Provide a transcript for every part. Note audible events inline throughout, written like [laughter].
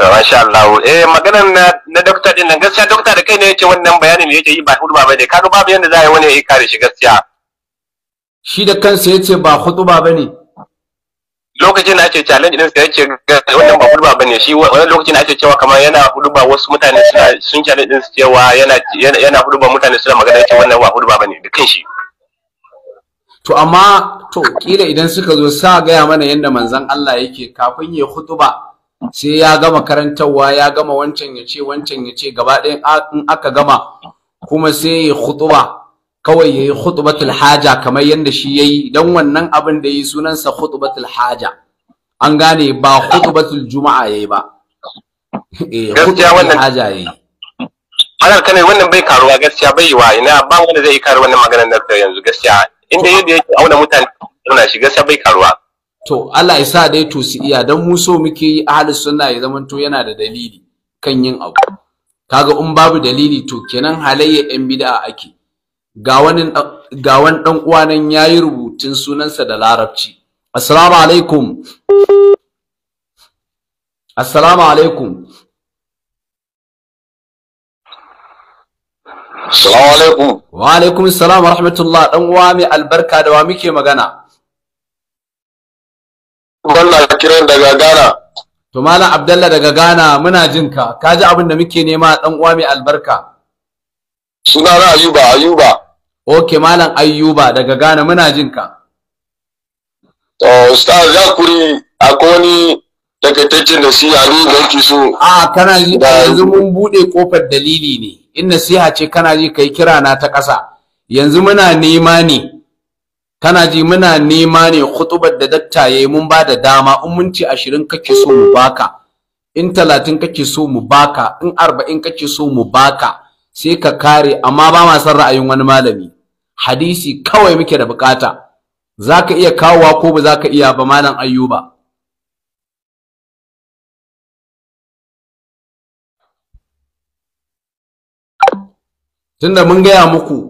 to masha Allah eh maganar na na doctor din nan gaskiya doctor da kai ne yake wannan bayanin da yake yi ba ba ne kaga babu yanda za a yi wani kare shi gaskiya shi da kansa yace ba hudba bane lokacin da ake challenge din sai yace wannan ba hudba bane shi wannan lokacin da ake cewa kamar yana wasu mutane suna sun challenge din su cewa yana yana ba mutane suna magana yace wannan ba hudba bane da kanshi to amma to kila idan suka zo sa gaya mana yanda manzon Allah yake kafin ya hutuba sai ya gama karantarwa ya gama wancan ya ce wancan ya ce gaba ɗaya in aka gama kuma sai ya khutuba kawai ya yayi khutbatul haja kamar yadda shi ya yi. dan wannan abin da yi sunansa khutbatul haja an gane ba khutbatul juma'a yi ba eh khutbatul ya yi. Anar kanai wannan bai karuwa gaskiya bai yiwa ina ba wanda zai yi karuwa wannan maganar da yanzu gaskiya inda yadda yake auna mutane suna shi gaskiya bai karuwa to Allah ya sa dai to su iya dan mu so muke yi ahlus sunna ya zaman to yana da dalili kan yin abu kaga in babu dalili to kenan halayya yan bid'a ake ga wani ga wani dan uwa nan yayi rubutun sunansa da larabci assalamu alaikum assalamu alaikum Assalamu alaikum. Wa alaikum assalam wa rahmatullah dan uwa mai albarka da wa muke magana. Abdullah kiran daga Ghana. To Malam Abdullah daga Ghana muna jin ka. Ka ji abin da muke nema dan uwa mai albarka. Suna na Ayuba Ayuba. Ok Malam Ayuba daga Ghana muna jin ka. To Ustaz Zakuri akwai wani takaitaccen nasiha ni da yake so. Ah kana ji yanzu mun bude kofar dalili ne. In nasiha ce kana ji kai kira na ta ƙasa. Yanzu muna nema ne. kana ji muna nema ne khutubar da dakta yayi mun ba da dama in mun ce 20 kake so mu baka in 30 kake so mu baka in 40 kake so mu baka sai ka kare amma ba ma san ra'ayin wani malami hadisi kawai muke da bukata zaka iya kawowa ko ba zaka iya ba malam ayyuba tunda mun gaya muku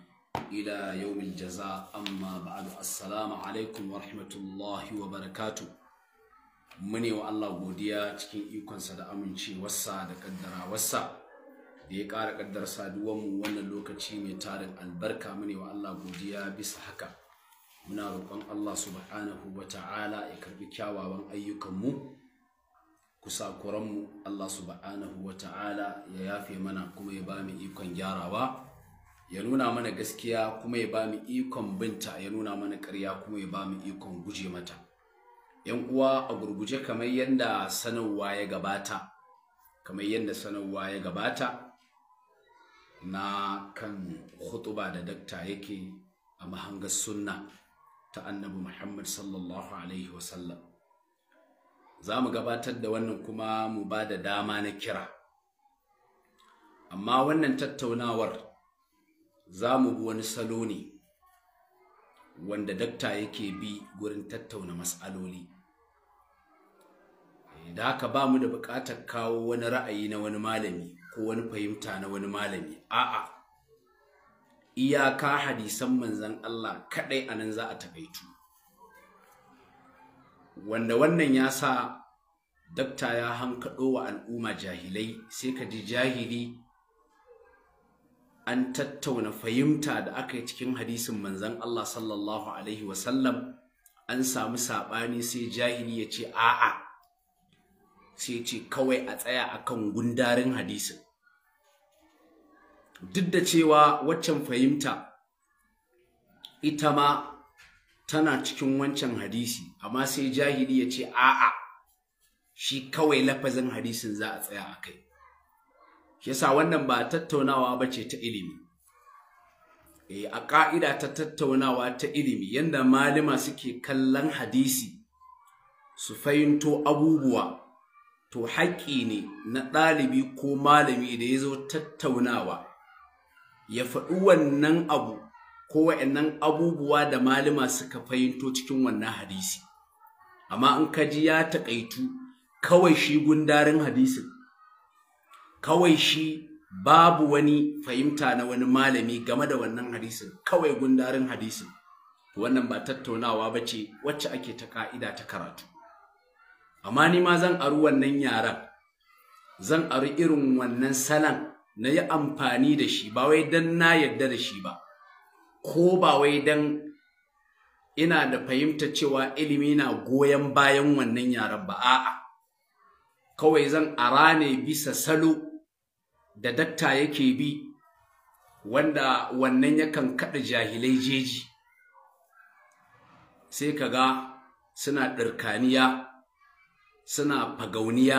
ila yawmil jaza amma ba'du assalamu alaikum wa rahmatullahi wa barakatu. mune wa Allah godiya cikin ikonsa da amincewarsa da ƙaddara wasa. da ya ƙara ƙaddar saduwanmu wannan lokaci mai tarin albarka mune wa Allah godiya bisa haka muna roƙon Allah subhanahu wa ta'ala ya karɓi kyawawan ayyukanmu kusakuranmu Allah subhanahu wa ta'ala ya yafe mana kuma ya ba mu gyara gyarawa ya nuna mana gaskiya kuma ya ba mu ikon binta ya nuna mana karya kuma ya ba mu ikon guje mata yan uwa a gurguje kamar yadda sanarwa ya gabata kamar yadda sanarwa ya gabata na kan hutuba da dakta yake a mahangar sunna ta annabi muhammad sallallahu alaihi wasallam za mu gabatar da wannan kuma mu ba da dama na kira amma wannan tattaunawar za mu bi wani salo ne wanda dakta yake bi gurin tattauna matsaloli da haka ba mu da buƙatar kawo wani ra'ayi na wani malami ko wani fahimta na wani malami a'a iyaka hadisan manzan Allah kaɗai anan za a takaitu wanda wannan ya sa dakta ya hankaɗo wa al'umma jahilai sai ka ji jahili an tattauna fahimta da aka yi cikin hadisin manzan Allah sallallahu alaihi wasallam an samu saɓani sai jahili ya ce a'a sai ce kawai a tsaya akan gundarin hadisin duk da cewa waccan fahimta ita ma tana cikin wancan hadisi amma sai jahili ya ce a'a shi kawai lafazin hadisin za a tsaya a kai yasa wannan ba tattaunawa ba ce ta ilimi Eh a ƙa'ida ta tattaunawa ta ilimi yadda malima suke kallon hadisi su fahimto abubuwa to haƙƙi ne na ɗalibi ko malami da ya zo tattaunawa ya faɗi wannan abu ko wa'annan abubuwa da malima suka fahimto cikin wannan hadisi amma in ka ji ya taƙaitu kawai shi gundarin hadisin kawai shi babu wani fahimta na wani malami game da wannan hadisin kawai gundarin hadisin wannan ba tattaunawa ba ce wacce ake ta ka'ida ta karatu amma ni ma zan aru wannan yaran zan aru irin wannan salan na yi amfani da shi ba wai don na yarda da shi ba ko ba wai don ina da fahimta cewa ilimi na goyon bayan wannan yaran ba a'a kawai zan ara ne bisa salo da datta yake bi wanda wannan yakan kaɗa jahilai jeji sai ka ga suna ɗirkaniya suna fagauniya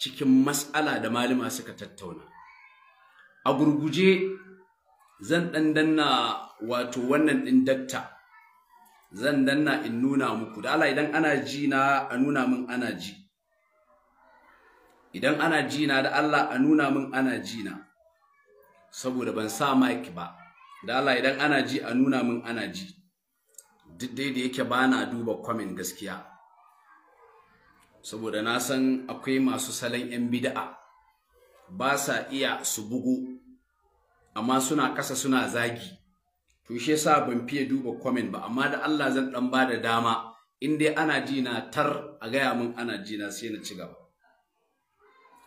cikin matsala da malama suka tattauna a gurguje zan ɗan wato wannan ɗin dakta zan danna in nuna muku da ala idan ana ji na a nuna min ana ji idan ana jina da Allah a nuna min ana jina saboda ban sa mike ba da Allah idan ana ji a nuna min ana ji duk dai da yake bana duba comment gaskiya saboda na san akwai masu salon yan bid'a ba sa iya su bugu amma suna kasa suna zagi to shi yasa ban fiye duba comment ba amma da Allah zan dan bada dama in dai ana jina tar a gaya min ana jina sai na ci gaba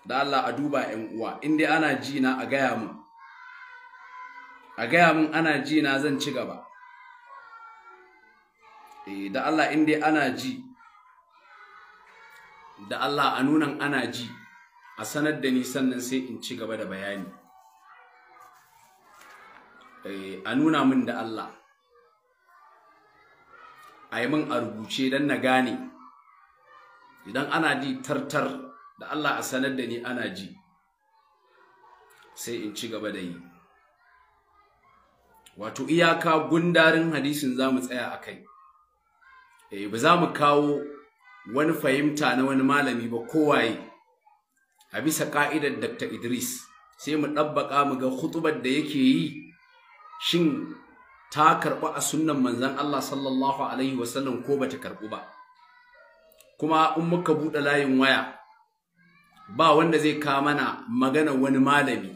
da Allah a duba ‘yan uwa, in dai ana ji na a gaya mun, a gaya mun ana ji na zan ci gaba. Eh, da Allah in dai ana ji, da Allah a nunan ana ji, a sanar da ni sannan sai in ci gaba da bayani. Eh, a nuna min da Allah, a yi min a rubuce don na gane, idan ana ji tartar. da Allah a sanar da ni ana ji sai in ci gaba da yi wato iyaka gundarin hadisin za mu tsaya a kai eh, ba za mu kawo wani fahimta na wani malami ba kowaye a bisa ka'idar dr idris sai mu ɗabbaƙa mu ga hutubar da yake yi shin ta karɓi a sunan manzan Allah sallallahu alaihi wasallam ko ba ta karɓi ba kuma in muka buɗe layin waya ba wanda zai kawo mana magana wani malami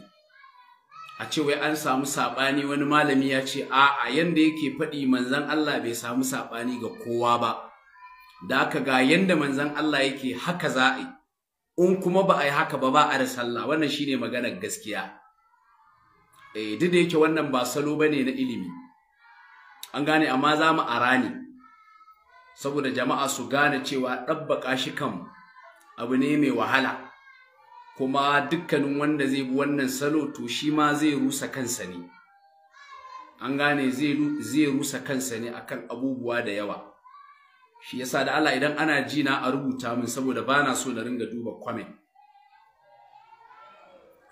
a ce wai an samu saɓani wani malami ya ce a'a yanda yake faɗi manzan Allah bai samu saɓani ga kowa ba da aka ga yanda manzan Allah yake haka za in kuma ba a yi haka ba ba a da sallah wannan shine maganar gaskiya eh duk da yake wannan ba salo ba ne na ilimi an gane amma za mu ara ne saboda jama'a su gane cewa ɗabbaka shi kan abu ne mai wahala kuma dukkanin wanda zai bi wannan salo to shi ma zai rusa kansa ne an gane zai rusa kansa ne akan abubuwa da yawa shi yasa da Allah idan ana ji na a rubuta min saboda ba na so na ringa duba kwame.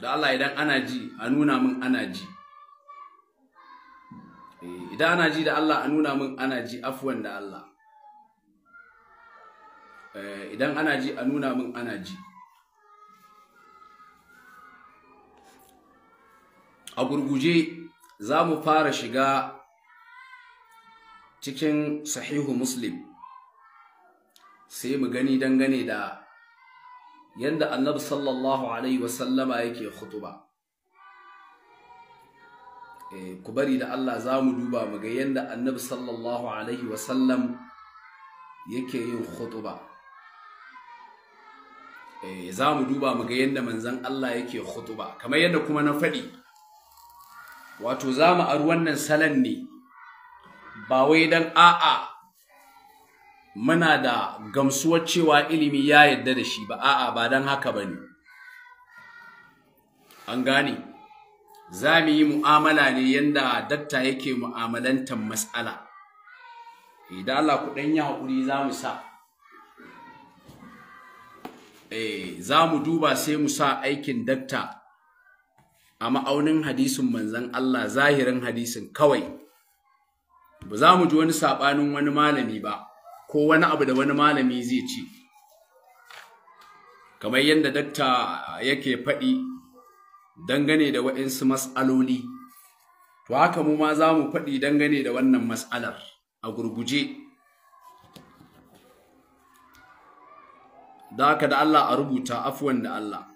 da Allah idan ana ji a nuna min ana ji eh, idan ana ji da Allah a nuna min ana ji afuwan da Allah eh, idan ana ji a nuna min ana ji a gurguje za mu fara shiga cikin sahihu muslim sai mu gani dangane da yadda annabi sallallahu alaihi wasallama yake khutuba eh, ku bari da Allah za mu duba mu ga yadda annabi sallallahu alaihi wasallam yake yin khutuba eh, za mu duba mu ga yadda manzan Allah yake khutuba kamar yadda kuma na faɗi wato za mu aru wannan salon ne ba wai don a'a muna da gamsuwar cewa ilimi ya yadda da shi ba a'a ba don haka ba ne an gane za mu yi mu'amala ne yadda datta yake mu'amalantar matsala idan Allah ku ɗan haƙuri za mu sa eh, za mu duba sai mu sa aikin dakta. a ma'aunin hadisin manzan Allah zahirin hadisin kawai ba za mu ji wani saɓanin wani malami ba ko wani abu da wani malami zai ci kamar yadda dakta yake faɗi dangane da waɗansu mas'aloli to haka mu ma za mu faɗi dangane da wannan matsalar, a gurguje da haka da Allah a rubuta afuwan da Allah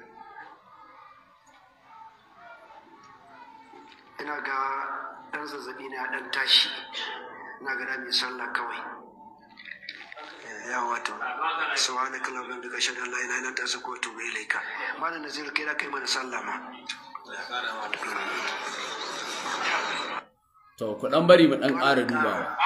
ina ga ɗan zazzabi na ɗan tashi ina ga mai sallah kawai eh, ya wato subhanaka allahumma bika shada la ilaha ta su kotu wa laika ilaika malam nazir kai da kai mana sallah ma to ku dan bari mu dan ƙara dubawa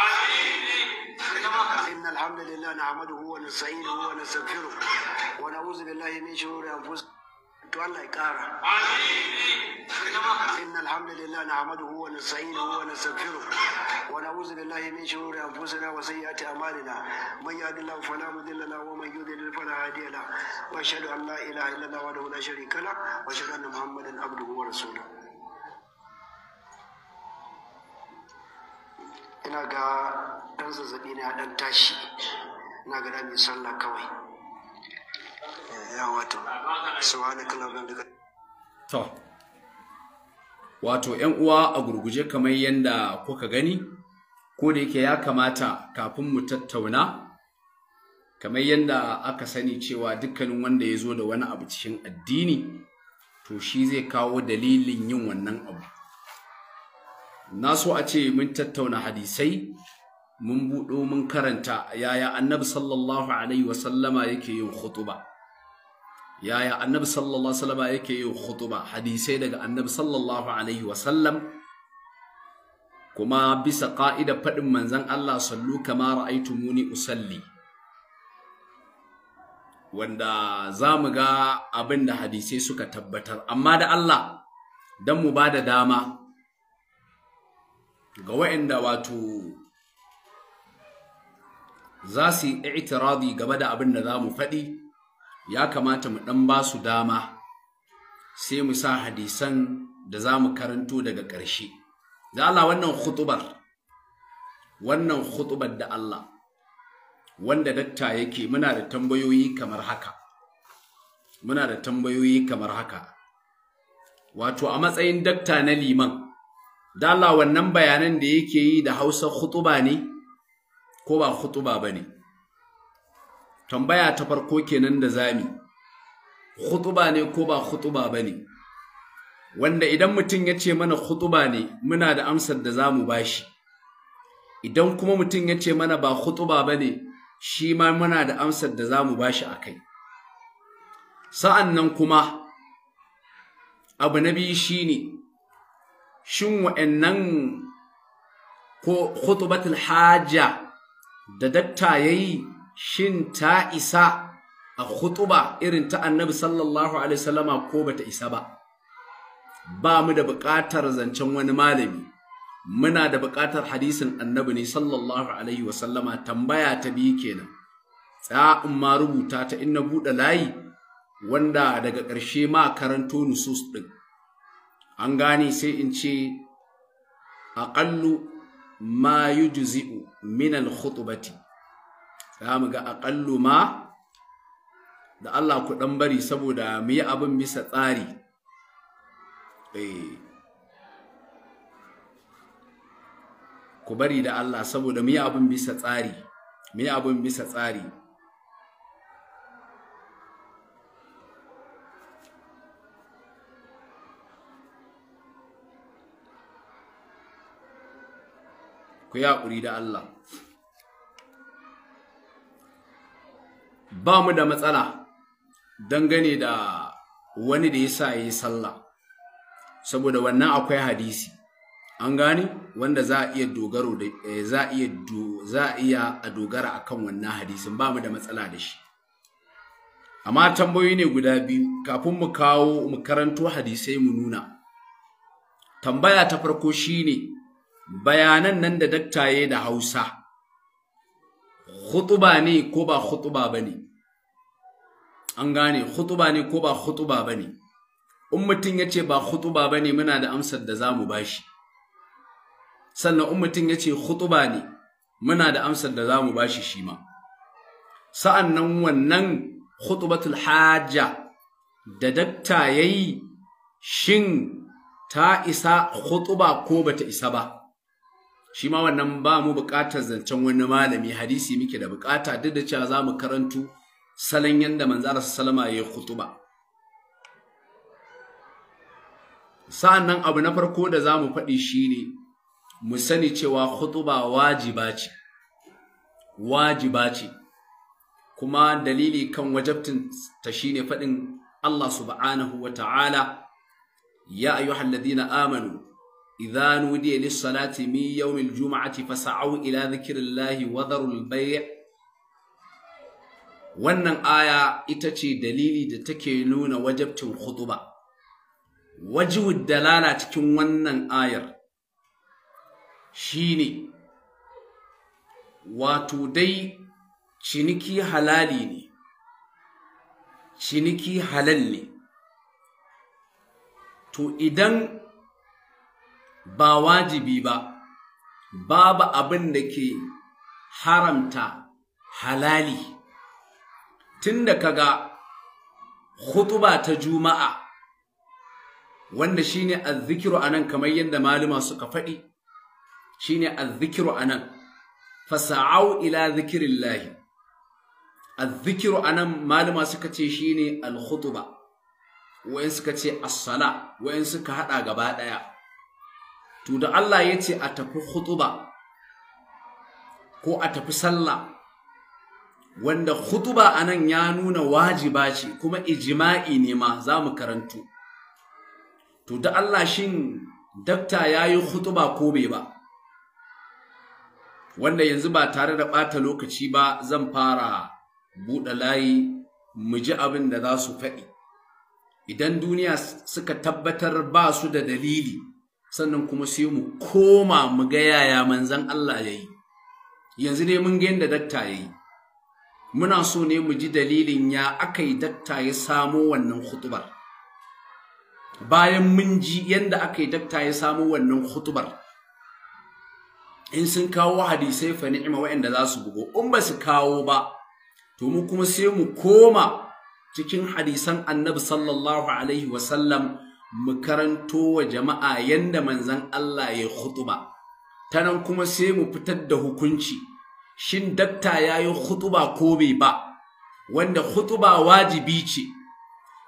to Allah ya kara inna alhamdulillah nahmaduhu wa nasta'inuhu wa nastaghfiruh wa na'udhu billahi min shururi anfusina wa sayyiati a'malina man yahdihillahu fala mudilla lahu wa man yudlil fala hadiya lahu wa ashhadu an la ilaha illallah wahdahu la sharika lahu wa ashhadu anna muhammadan abduhu wa rasuluh ina ga dan zazzabi ne dan tashi ina ga dan sallah kawai wato to wato yan uwa a gurguje kamar yadda kuka gani ko da yake ya kamata kafin mu tattauna kamar yadda aka sani cewa dukkanin wanda ya zo da wani abu cikin addini to shi zai kawo dalilin yin wannan abu na so a ce mun tattauna hadisai mun buɗo mun karanta yaya annabi sallallahu alaihi wasallama yake yin khutuba yaya annabi sallallahu alaihi wasallam yake yi khutuba hadisai daga annabi sallallahu alaihi wasallam kuma bisa ka'ida faɗin manzon Allah sallu kama ra'aytumuni usalli wanda zamu ga abinda hadisai suka tabbatar amma da Allah dan mu bada dama ga waɗanda wato za su yi itiradi game da abin da za mu faɗi ya kamata mu ɗan ba su dama sai mu sa hadisan da za mu karanto daga ƙarshe da Allah wannan khutubar wannan khutubar da Allah wanda datta yake muna da tambayoyi kamar haka muna da tambayoyi kamar haka wato a matsayin dakta na liman da Allah wannan bayanan da yake yi da Hausa khutuba ne ko ba khutuba ne? tambaya ta farko kenan da zami khutuba ne ko ba khutuba bane wanda idan mutum ya ce mana khutuba ne muna da amsar da zamu bashi idan kuma mutum ya ce mana ba khutuba bane shi ma muna da amsar da zamu bashi akai nan kuma abu na biyu shine shin wa'annan ko khutubatul haja da datta yayi shin ta isa a khutuba irin ta annabi sallallahu alaihi wasallama ko bata isa ba ba mu da buƙatar zancen wani malami muna da buƙatar hadisin annabi ne sallallahu alaihi wasallama tambaya ta biyu kenan in ma rubuta ta in na buɗe layi wanda daga ƙarshe ma karanto nusus ɗin an gane sai in ce aƙallu ma yujzi'u min al-khutubati za mu ga aƙallu ma da Allah ku ɗan bari saboda mu yi abin bisa tsari eh. ku bari da Allah saboda mu yi abin bisa tsari mu yi abin bisa tsari ku yi haƙuri da Allah ba mu da matsala dangane da wani da ya sa ya yi sallah saboda wannan akwai hadisi an gane wanda za a iya dogaro eh, za a iya a iya a dogara akan wannan hadisin ba mu da matsala da shi amma tambayoyi ne guda biyu kafin mu kawo mu karanto hadisai mu nuna tambaya ta farko shine bayanan nan da daktaye da Hausa khutuba ne ko ba khutuba bane an gane hutuba ne ko ba hutuba ba ne in mutum ya ce ba hutuba ba muna da amsar da za mu ba shi sannan in mutum ya ce hutuba ne muna da amsar da za mu ba shi shi ma sa'an nan wannan hutubatul hajja da dakta ya yi shin ta isa hutuba ko ba ta isa ba shi ma wannan ba mu buƙatar zancen wani malami hadisi muke da bukata duk da cewa za mu karantu salon yadda manzara salama ya yi khutuba sa'an nan abu na farko da za mu faɗi shi ne mu sani cewa khutuba wajiba ce wajiba ce kuma dalili kan wajabtin ta shine faɗin Allah subhanahu wa ta'ala ya ayyuhal ladina amanu idza nudiya lis-salati min yawmil juma'ati fas'au ila dhikrillahi wa dharul bay' wannan aya ita ce dalili da take nuna wajabcin khutuba wajibud dalala cikin wannan ayar shine wato dai ciniki halali ne ciniki halal ne to idan ba wajibi ba babu abin da ke haramta halali tunda ga hutuba ta juma'a wanda shine azzikiru anan kamar yadda malama suka faɗi shine azzikiru anan fasa'au ila zikirillahi azzikiru anan malama suka ce shine alhutuba wayan suka ce as-sala wayan suka hada gaba ɗaya. to da Allah yace a tafi hutuba ko a tafi sallah wanda hutuba a nan ya nuna wajiba ce kuma ijima'i ne ma za mu karantu to da Allah shin dakta ya yi hutuba ko bai ba wanda yanzu ba tare da ɓata lokaci ba zan fara buɗe layi mu ji abin da za su faɗi idan duniya suka tabbatar ba su da dalili sannan kuma sai mu koma mu ga yaya manzan Allah ya yi yanzu ne mun ga yadda dakta ya yi muna so ne mu ji dalilin ya aka yi dakta ya samo wannan hutubar bayan mun ji yadda aka yi dakta ya samo wannan hutubar in sun kawo hadisai fa ni'ima waɗanda za su bugo in ba su kawo ba to mu kuma sai mu koma cikin hadisan annabi sallallahu alaihi wasallam mu karanto wa jama'a yadda manzan Allah ya hutuba tanan kuma sai mu fitar da hukunci shin dakta ya yi hutuba ko bai ba wanda hutuba wajibi ce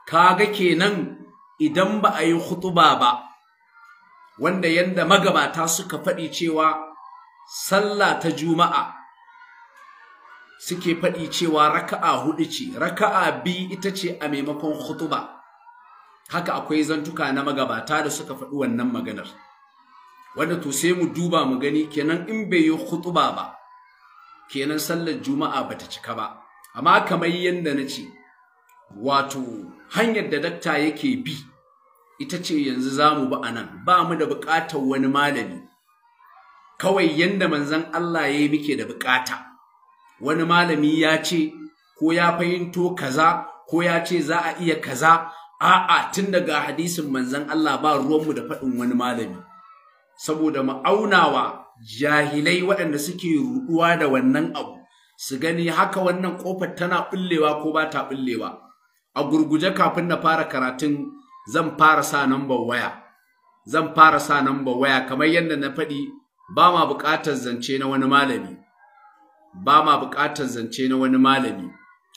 kaga kenan idan ba a yi hutuba ba wanda yadda magabata suka faɗi cewa sallah ta juma'a suke faɗi cewa raka'a hudu ce raka'a bi ita ce a maimakon hutuba haka akwai zantuka na magabata da suka faɗi wannan maganar wanda to sai mu duba mu gani kenan in bai yi hutuba ba kenan sallar juma'a bata cika ba amma kamar yadda na ce wato hanyar da dakta yake bi ita ce yanzu za mu ba a nan ba mu da buƙatar wani malami kawai yadda manzan Allah ya yi muke da buƙata wani malami ya ce ko ya fahimto kaza ko ya ce za a iya kaza a'a tun daga hadisin manzan Allah ba ruwanmu da faɗin wani malami saboda ma'aunawa jahilai waɗanda suke ruɗuwa da wannan abu su gani haka wannan ƙofar tana ɓullewa ko ba ta ɓullewa a gurguje kafin na fara karatun zan fara sa nambar waya zan fara sa nambar waya kamar yadda na faɗi ba ma buƙatar zance na wani malami ba ma buƙatar zance na wani malami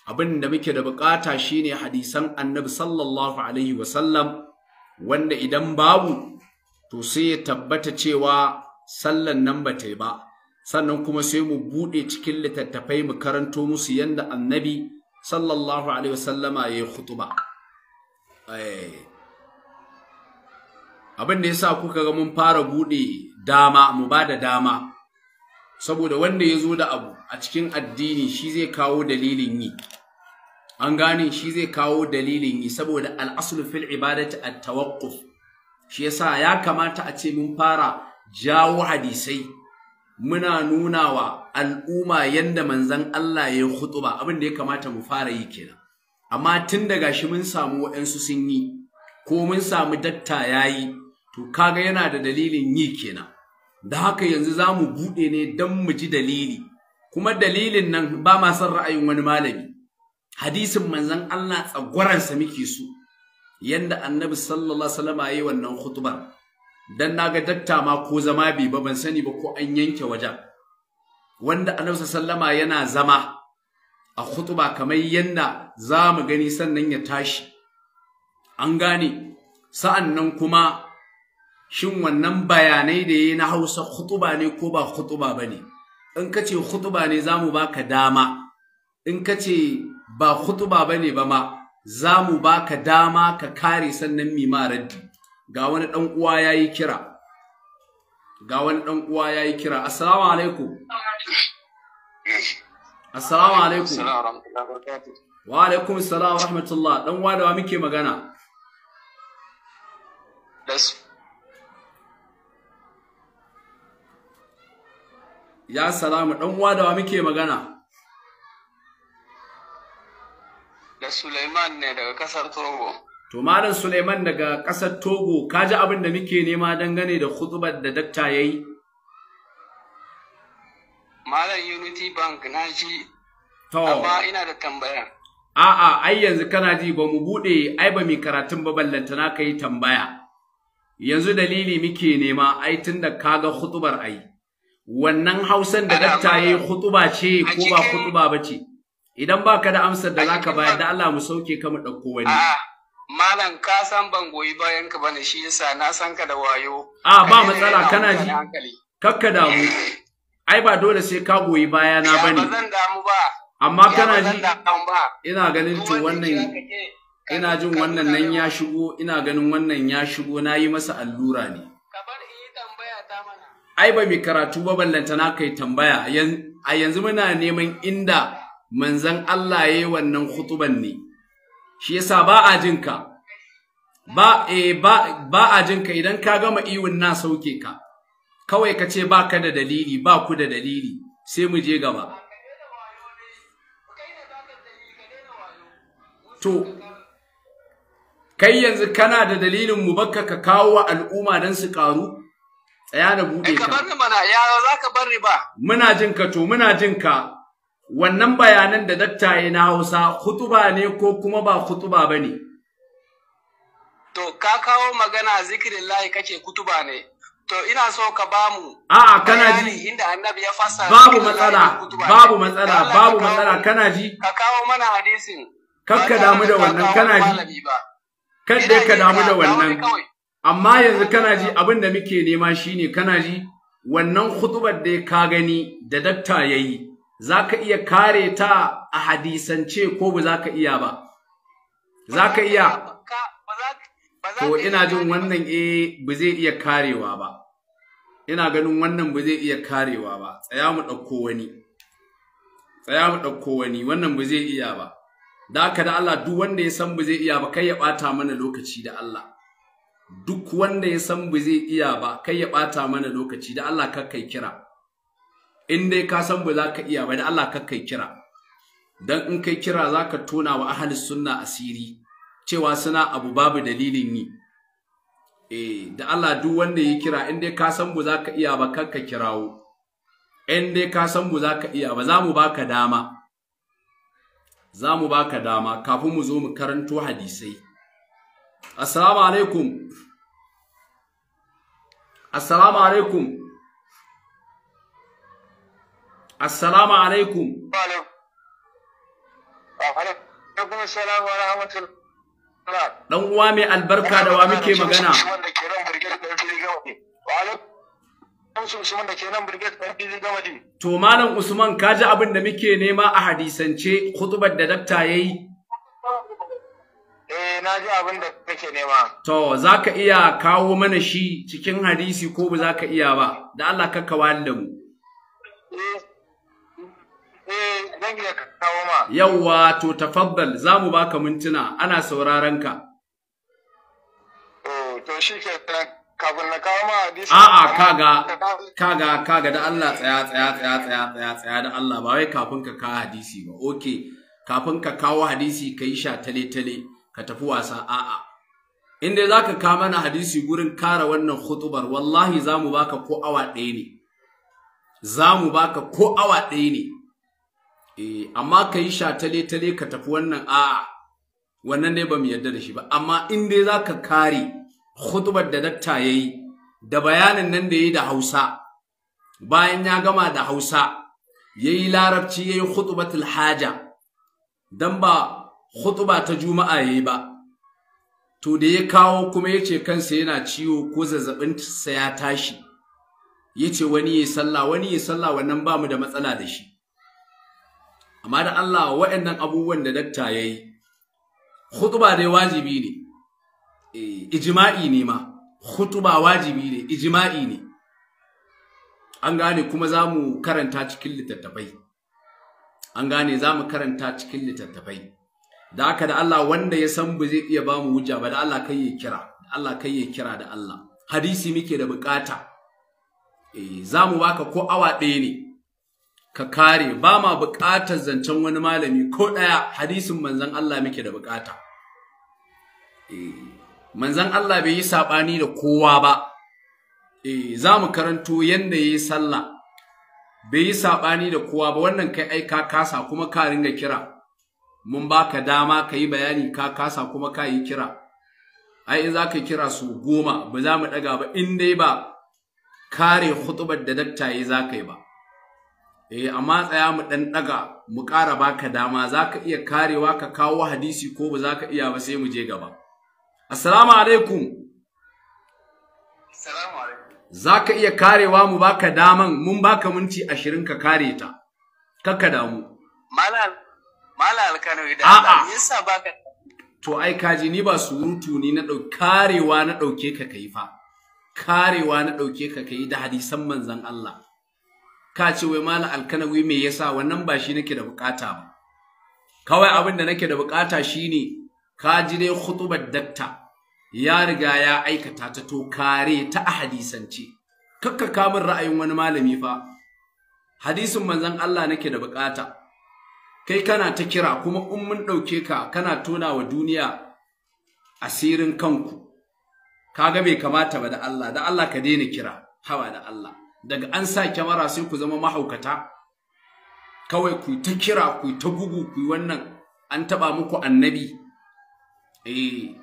abin da muke da buƙata shine hadisan annabi sallallahu alaihi wasallam wanda idan babu to sai ya tabbata cewa sallan nan ba ta yi ba sannan kuma sai mu buɗe cikin littattafai mu karanto musu yadda annabi sallallahu alaihi wasallama ya yi khutuba eh. abin da yasa kuka ga mun fara buɗe dama mu ba da dama saboda wanda ya zo da abu a cikin addini shi zai kawo dalilin yi an gane shi zai kawo dalilin yi saboda al'aslu fil ibadati at-tawaqquf shi yasa ya kamata a ce mun fara jawo hadisai muna nuna wa al'umma yadda manzan Allah ya khutuba abin da ya kamata mu fara yi kenan amma tun daga shi mun samu waɗansu sun yi ko mun samu datta ya yi, to kaga yana da dalilin yi kenan da haka yanzu za mu buɗe ne don mu ji dalili kuma dalilin nan ba ma son ra'ayin wani malami hadisin manzan Allah tsagwaransa muke su yanda annabi sallallahu alaihi wasallam yayi wannan huɗubar. dan naga dakta ma ko zama bai ba ban sani ba ko an yanke wajen wanda annabi sallama yana zama a khutba kamar yanda za mu gani sannan ya tashi an gane sa'an nan kuma shin wannan bayanai da yayi na Hausa khutba ne ko ba khutba bane in kace khutba ne za ba baka dama in kace ba khutba bane ba ma za zamu baka dama ka kare sannan mi maraddi ga wani ɗan uwa ya yi kira ga wani ɗan uwa ya yi kira assalamu alaikum assalamu alaikum wa alaikum salam rahmatullah ɗan uwa da wa muke magana ya salamu ɗan uwa da wa muke magana da Suleiman ne daga kasar Togo To Malam Suleiman daga ƙasar Togo, ka ji abin da muke nema dangane da khutubar da dakta ya yi? Malam Unity Bank na ji, amma ina da tambaya. A'a, ai yanzu kana ji ba mu buɗe, ai ba mai karatun ba ballantana ka yi tambaya. Yanzu dalili muke nema, ai tun da ka ga ai. Wannan Hausan da dakta ya khutuba ce ko ba khutuba ba ce. Idan ba ka da amsar da za ka bayar da Allah mu sauke ka mu ɗauko wani. Malam ka san ban goyi bayan ka bane shi yasa na san ka da wayo. A ah, ba matsala kana ji. Kakka damu. Ai ba dole sai ka goyi baya na bane. Ba zan damu ba. Amma kana ji. Ina ganin to wannan ina jin wannan nan ya shigo ina ganin wannan ya shigo na yi masa allura ne. Ai ba mai karatu ba ballanta na kai tambaya a yanzu muna neman inda manzan Allah ya yi wannan khutuban ne. shi yasa ba a jin ka ba eh, ba ba a jin ka idan ka gama iwon na sauke ka kawai ka ce ba ka da dalili ba ku da dalili sai mu je gaba to kai yanzu kana da dalilin mu bakka ka kawo wa al'umma don su karu tsaya da buɗe ka. Ka bar ni mana ya za ka bar ni ba. Muna jin ka to muna jin ka wannan bayanan da dakta ya na Hausa khutuba ne ko kuma ba khutuba ne. to ka kawo magana zikirin lahi kake kutuba ne to ina so ka bamu a'a kana ji inda annabi ya fassara babu matsala babu matsala babu matsala kana ji ka kawo mana hadisin kakka damu da wannan kana ji dai ka damu da wannan amma yanzu kana ji abin da muke nema shine kana ji wannan khutubar da ka gani da dakta ya yi. za ka iya kare ta a hadisance ko ba za ka iya ba za ka iya to ina jin wannan eh ba zai iya karewa ba ina ganin wannan ba zai iya karewa ba tsaya mu ɗauko wani tsaya mu ɗauko wani wannan ba zai iya ba da haka da Allah duk wanda ya san ba zai iya ba kai ya ɓata mana lokaci da Allah duk wanda ya san ba zai iya ba kai ya ɓata mana lokaci da Allah kakkai kira in dai ka san ba za ka iya ba da Allah ka kai kira dan in kai kira za ka tona wa ahli sunna asiri cewa suna abu babu dalilin yi eh da Allah duk wanda ya kira in dai ka san ba za ka iya ba ka kirawo in dai ka san ba za ka iya ba za mu baka dama za mu baka dama kafin mu zo mu karanto hadisai assalamu alaikum assalamu alaikum assalamu alaikum dan uwa mai albarka da wa muke magana To Malam Usman ka ji abin da muke nema a hadisance khutbar da dakta ya yi? Eh na ji abin da kake nema. To za ka iya kawo mana shi cikin hadisi ko ba za ka iya ba, da Allah ka kawar da mu. Eh Eh, Yawwa to tafaddal za mu baka mintuna ana sauraron ka. Oh, to shi ke kafin na kawo ma A'a kaga kaga kaga da Allah tsaya tsaya tsaya tsaya tsaya tsaya da Allah ba wai kafin ka kawo hadisi ba. oke, kafin ka kawo hadisi ka yi sha tale tale ka tafi wasa a'a. inda za ka kawo mana hadisi gurin kara wannan khutubar wallahi za mu baka ko awa ɗaya ne. Za mu baka ko awa ɗaya ne. Eh, amma ka yi shatale-tale ka tafi wannan a'a wannan ne ba mu yarda da shi ba amma in dai za ka kare hutubar da dakta ya yi da bayanin nan da ya yi da hausa bayan ya gama da hausa ya yi larabci ya yi hutubatul haja don ba hutuba ta juma'a ya yi ba to da ya kawo kuma ya ce kansa yana ciwo ko zazzabin sa ya tashi ya ce wani ya sallah wani ya sallah wannan ba mu da matsala da shi amma da Allah waɗannan abubuwan da dakta ya yi khutuba dai wajibi ne eh, ijima'i ne ma khutuba wajibi ne ijima'i ne an gane kuma za mu karanta cikin littattafai an gane za mu karanta cikin littattafai da aka da Allah wanda ya san ba zai iya ba mu hujja ba da Allah kai ya kira da Allah kai ya kira da Allah hadisi muke da bukata eh, za mu baka ko awa ɗaya ne ka kare ba ma buƙatar zancen wani malami ko ɗaya hadisin manzan Allah muke da buƙata eh, manzan Allah bai yi saɓani da kowa ba eh, za mu karanto yadda ya yi sallah bai yi saɓani da kowa ba wannan kai ai ka kasa kuma ka ringa kira mun baka dama ka yi bayani ka kasa kuma ka yi kira ai in za ka kira su goma ba za mu ɗaga ba in dai ba kare hutubar da dakta yi za ka yi ba eh amma tsaya mu dan daga mu ƙara baka dama zaka iya karewa ka kawo hadisi ko ba zaka iya ba sai mu je gaba assalamu alaikum assalamu alaikum zaka iya karewa mu baka daman mun baka minti 20 ka kare ta kakka damu malal malal kano idan yasa baka to ai kaji ni ba surutu ni na dauki karewa na dauke ka kai fa karewa na dauke ka kai da hadisan manzon Allah ka ce wai mala alkanawi me yasa wannan ba shi nake da bukata ba kawai abin da nake da bukata shine ka ji dai khutubar dakta ya riga ya aikata ta to kare ta a hadisance kakka kamun ra'ayin wani malami fa hadisin manzon Allah nake da bukata kai kana ta kira kuma in mun ɗauke ka kana tona wa duniya asirin kanku kaga bai kamata ba da Allah da Allah ka daina kira hawa da Allah daga an sa kyamara sai ku zama mahaukata kawai ku ta kira ku ta bugu ku wannan an taba muku annabi eh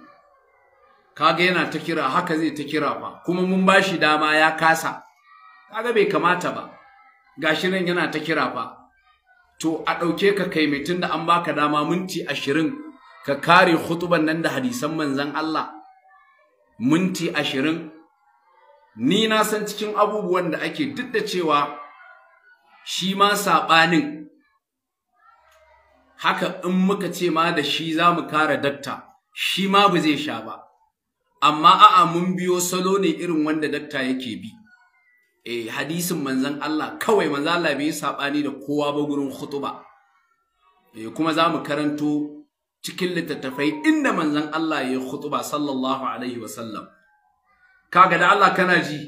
kaga yana ta kira haka zai ta kira fa kuma mun bashi dama ya kasa kaga bai kamata ba gashi nan yana ta kira fa to a ɗauke ka kai mai tunda an baka dama minti ashirin ka kare hutuban nan da hadisan manzon Allah minti ashirin ni na san cikin abubuwan da ake duk da cewa shi ma saɓanin haka in muka ce ma da shi za mu kara dakta shi ma ba zai sha ba amma a'a mun biyo salo ne irin wanda dakta yake bi eh hadisin manzon Allah kawai manzon Allah bai sabani da kowa ba gurin khutuba eh kuma za mu karanto cikin littattafai inda manzon Allah ya khutuba sallallahu alaihi wasallam kaga da Allah kana ji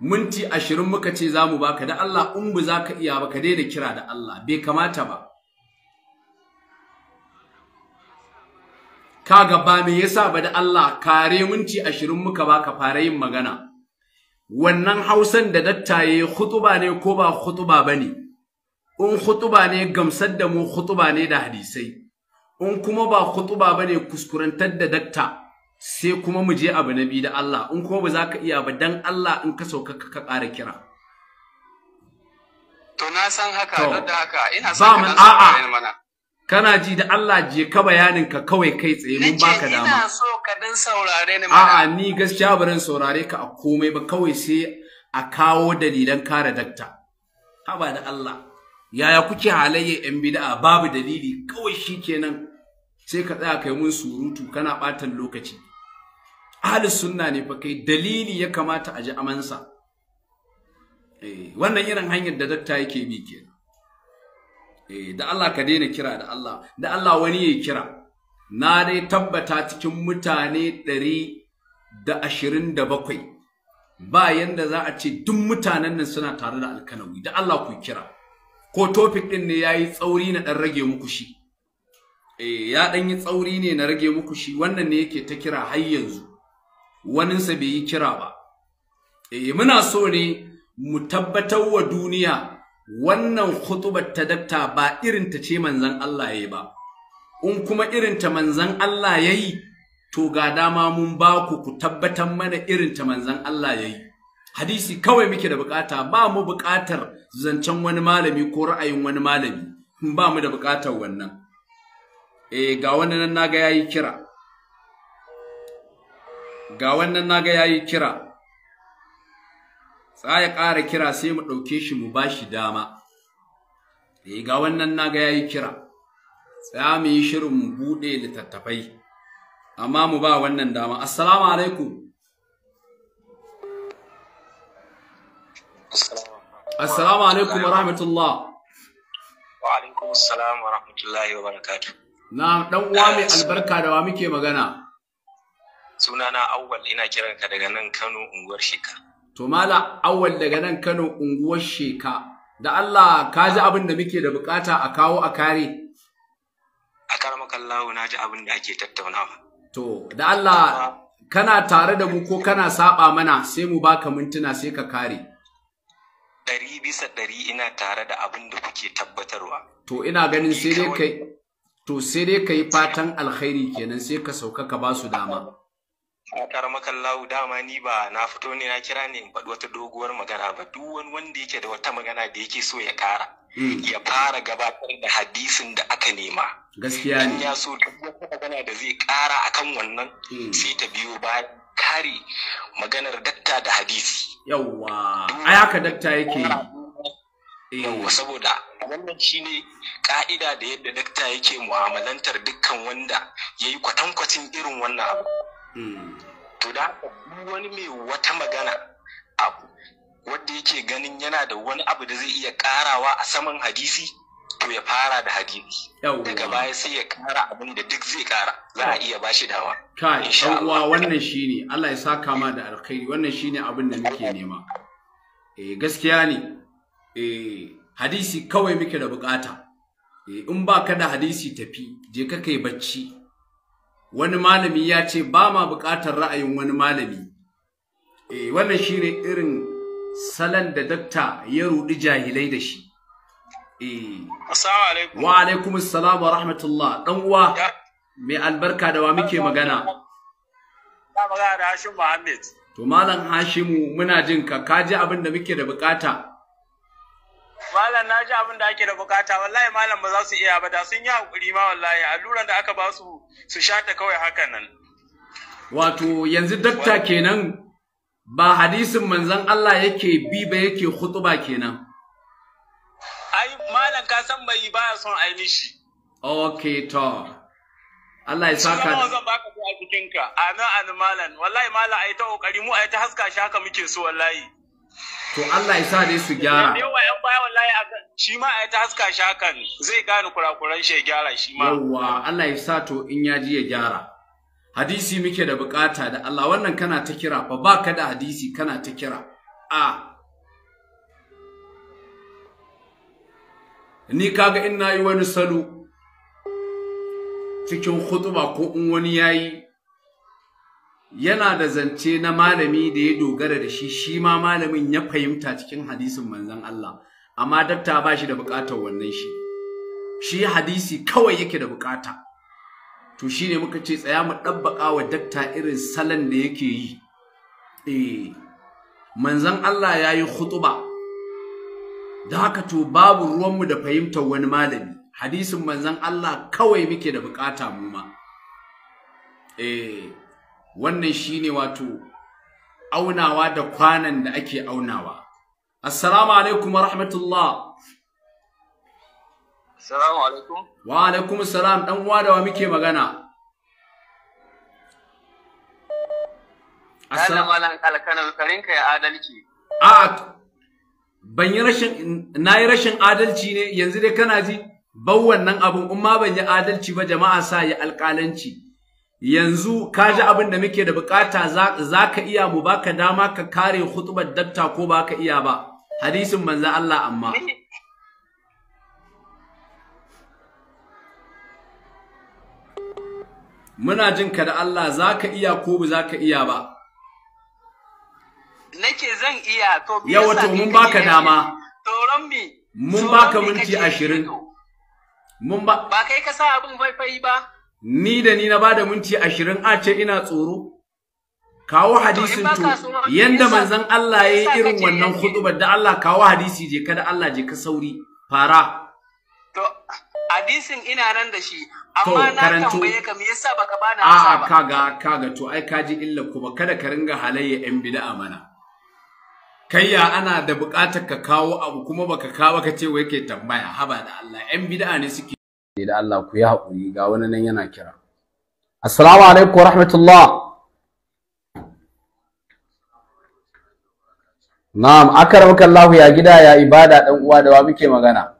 minti ashirin muka ce zamu baka da Allah in zaka iya baka ka daina kira da Allah bai kamata ba kaga ba me yasa ba da Allah kare minti ashirin muka baka fara yin magana wannan hausan da dattaye khutuba ne ko ba khutuba bane in khutuba ne gamsar da mu khutuba ne da hadisai in kuma ba khutuba bane kuskurantar da datta sai kuma mu je abu na biyu da Allah in kuma ba za ka iya ba dan Allah in ka sauka ka ƙara kira to na san haka don da haka ina son ka san mana kana ji da Allah je ka bayanin ka kawai kai tsaye mun ba ka dama ina so ka dan saurare ni a'a ni gaskiya barin saurare ka a komai ba kawai sai a kawo dalilan kare dakta haba da Allah yaya kuke halayya yan bid'a babu dalili kawai shi kenan sai ka tsaya kai mun surutu kana ɓatan lokaci ahlus sunna ne fa kai dalili ya kamata a ji amansa eh wannan irin hanyar da dakta yake bi ke eh da Allah ka daina kira da Allah da Allah wani yayi kira na dai tabbata cikin mutane ɗari ashirin da bakwai ba yanda za a ce duk mutanen nan suna tare da alkanawi da Allah ku kira ko topic ɗin ne ya yi tsauri na ɗan rage muku shi eh, ya ɗan yi tsauri ne na rage muku shi wannan ne yake ta kira har yanzu waninsa bai yi kira ba eh muna so ne mu tabbatar wa duniya wannan khutubar ta dakta ba irin ta ce manzan Allah yi ba in kuma irinta ta manzon Allah yi, to ga dama mun ba ku ku tabbatar mana irinta ta manzon Allah yi? hadisi kawai muke da bukata ba mu bukatar zancen wani malami ko ra'ayin wani malami ba mu da bukatar wannan E, ga wani nan naga yi kira ga wannan naga yayi kira tsaya ƙara kira sai mu ɗauke shi mu ba shi dama eh ga wannan naga yayi kira tsaya mu yi shirin mu buɗe littattafai amma mu ba wannan dama assalamu alaikum assalamu alaikum wa rahmatullah alaikum assalam wa rahmatullahi wa barakatuh. Na dan uwa mai albarka da wa muke magana? sunana awwal ina kiran ka daga nan Kano unguwar Sheka. To mala awwal daga nan Kano unguwar Sheka. Da Allah ka ji abin da muke da bukata a kawo a kare. A karama kallahu na ji abin da ake tattaunawa. To da Allah kana tare da mu ko kana saba mana sai mu baka mintuna sai ka kare. Ɗari bisa ɗari ina tare da abin da kuke tabbatarwa. To ina ganin sai dai kai to sai dai kai fatan alkhairi kenan sai ka sauka ka ba su dama. a karamakan lawu dama ni ba na fito ne na kira ne in faɗi wata doguwar magana ba duk wanda yake da wata magana da yake so ya kara hmm. ya fara gabatar da hadisin da aka nema gaskiya ne ya so duk wata magana da zai kara akan wannan hmm. sai ta biyo ba kare maganar dakta da hadisi yawwa ai haka dakta yake yawwa saboda wannan shine ka'ida da yadda dakta yake mu'amalantar dukkan wanda yayi kwatankwacin irin wannan abu to da wani mai wata magana abu wadda yake ganin yana da wani abu da zai iya karawa a saman hadisi to ya fara da hadisi daga baya sai ya kara abin da duk zai kara za a iya bashi dawa kai uwa wannan shine Allah ya saka ma da alkhairi wannan shine abin da muke nema eh gaskiya ne eh hadisi kawai muke da bukata eh, in ba ka da hadisi tafi je ka kai bacci wani malami ya ce ba ma buƙatar ra'ayin wani malami eh wannan shine irin salon da dakta ya rudi jahilai da shi eh assalamu alaikum wa alaikum assalam wa rahmatullah dan uwa mai albarka da wa muke magana ba magana da Hashim Muhammad to malam Hashimu muna jin ka kaji abin da muke da bukata malam na ji abin da ake da bukata wallahi malam ba za su iya ba da sun yi hakuri ma wallahi alluran da aka ba su su shata kawai hakan nan wato yanzu dakta kenan ba hadisin manzon Allah yake bi ba yake khutuba kenan ai malam ka san bai ba son ai mishi okay to Allah ya saka da. zan baka ko a cikin ka. Ana an malam Wallahi malam ai ta kokari mu ai ta haska shi haka muke so wallahi. to Allah ya sa ne su gyara yawa yan baya wallahi shi ma ai ta haska shi hakan zai gane kurakuran shi ya gyara shi ma Yawwa Allah ya sa to in ya ji ya gyara hadisi muke da bukata da Allah wannan kana ta kira fa ka da hadisi kana ta kira a ni kaga in na yi wani salo cikin khutuba ko in wani yayi yana da zance na malami da ya dogara da shi shi ma malamin ya fahimta cikin hadisin manzon Allah amma dakta ba shi da bukatar wannan shi shi hadisi kawai yake da bukata to shine muka ce tsaya mu dabbaka wa dakta irin salon da yake yi eh manzon Allah yayi khutuba da haka to babu ruwanmu da fahimtar wani malami hadisin manzon Allah kawai muke da bukata mu ma eh wannan shine wato aunawa da kwanan da ake aunawa assalamu alaikum wa rahmatullah assalamu alaikum wa alaikum salam dan uwa da wa muke magana assalamu alaikum alkanan karinka ya adalci a ban yi rashin na yi rashin adalci ne yanzu dai kana ji bau wannan abun in ma ban yi adalci ba jama'a sa yi alƙalanci yanzu ka ji abin da muke da bukata za ka iya mu ba ka dama ka kare hutubar dabta ko ba ka iya ba hadisin manza Allah amma muna jin ka da Allah za ka iya ko ba za ka iya ba nake zan iya to yawa to mun ka dama tsoron me mun ka minti 20 mun ba ba kai ka sa abin faifai ba ni da ni na bada minti ashirin a ce ina tsoro kawo hadisin to yanda manzon Allah ya yi irin wannan hudubar da Allah kawo hadisi je kada Allah je ka sauri fara to hadisin ina nan da shi amma na tambaye ka me yasa baka bani amsa ba kaga kaga to ai kaji illa kuma kada ka ringa halayya yan bid'a mana kayya ana da buƙatar ka kawo abu kuma baka kawo ka ce wai ke tambaya haba da Allah yan bid'a ne suke ne da Allah ku yi haƙuri ga wani nan yana kira assalamu alaikum wa rahmatullah na'am akaramaka Allah ya gida ya ibada dan uwa da wa muke magana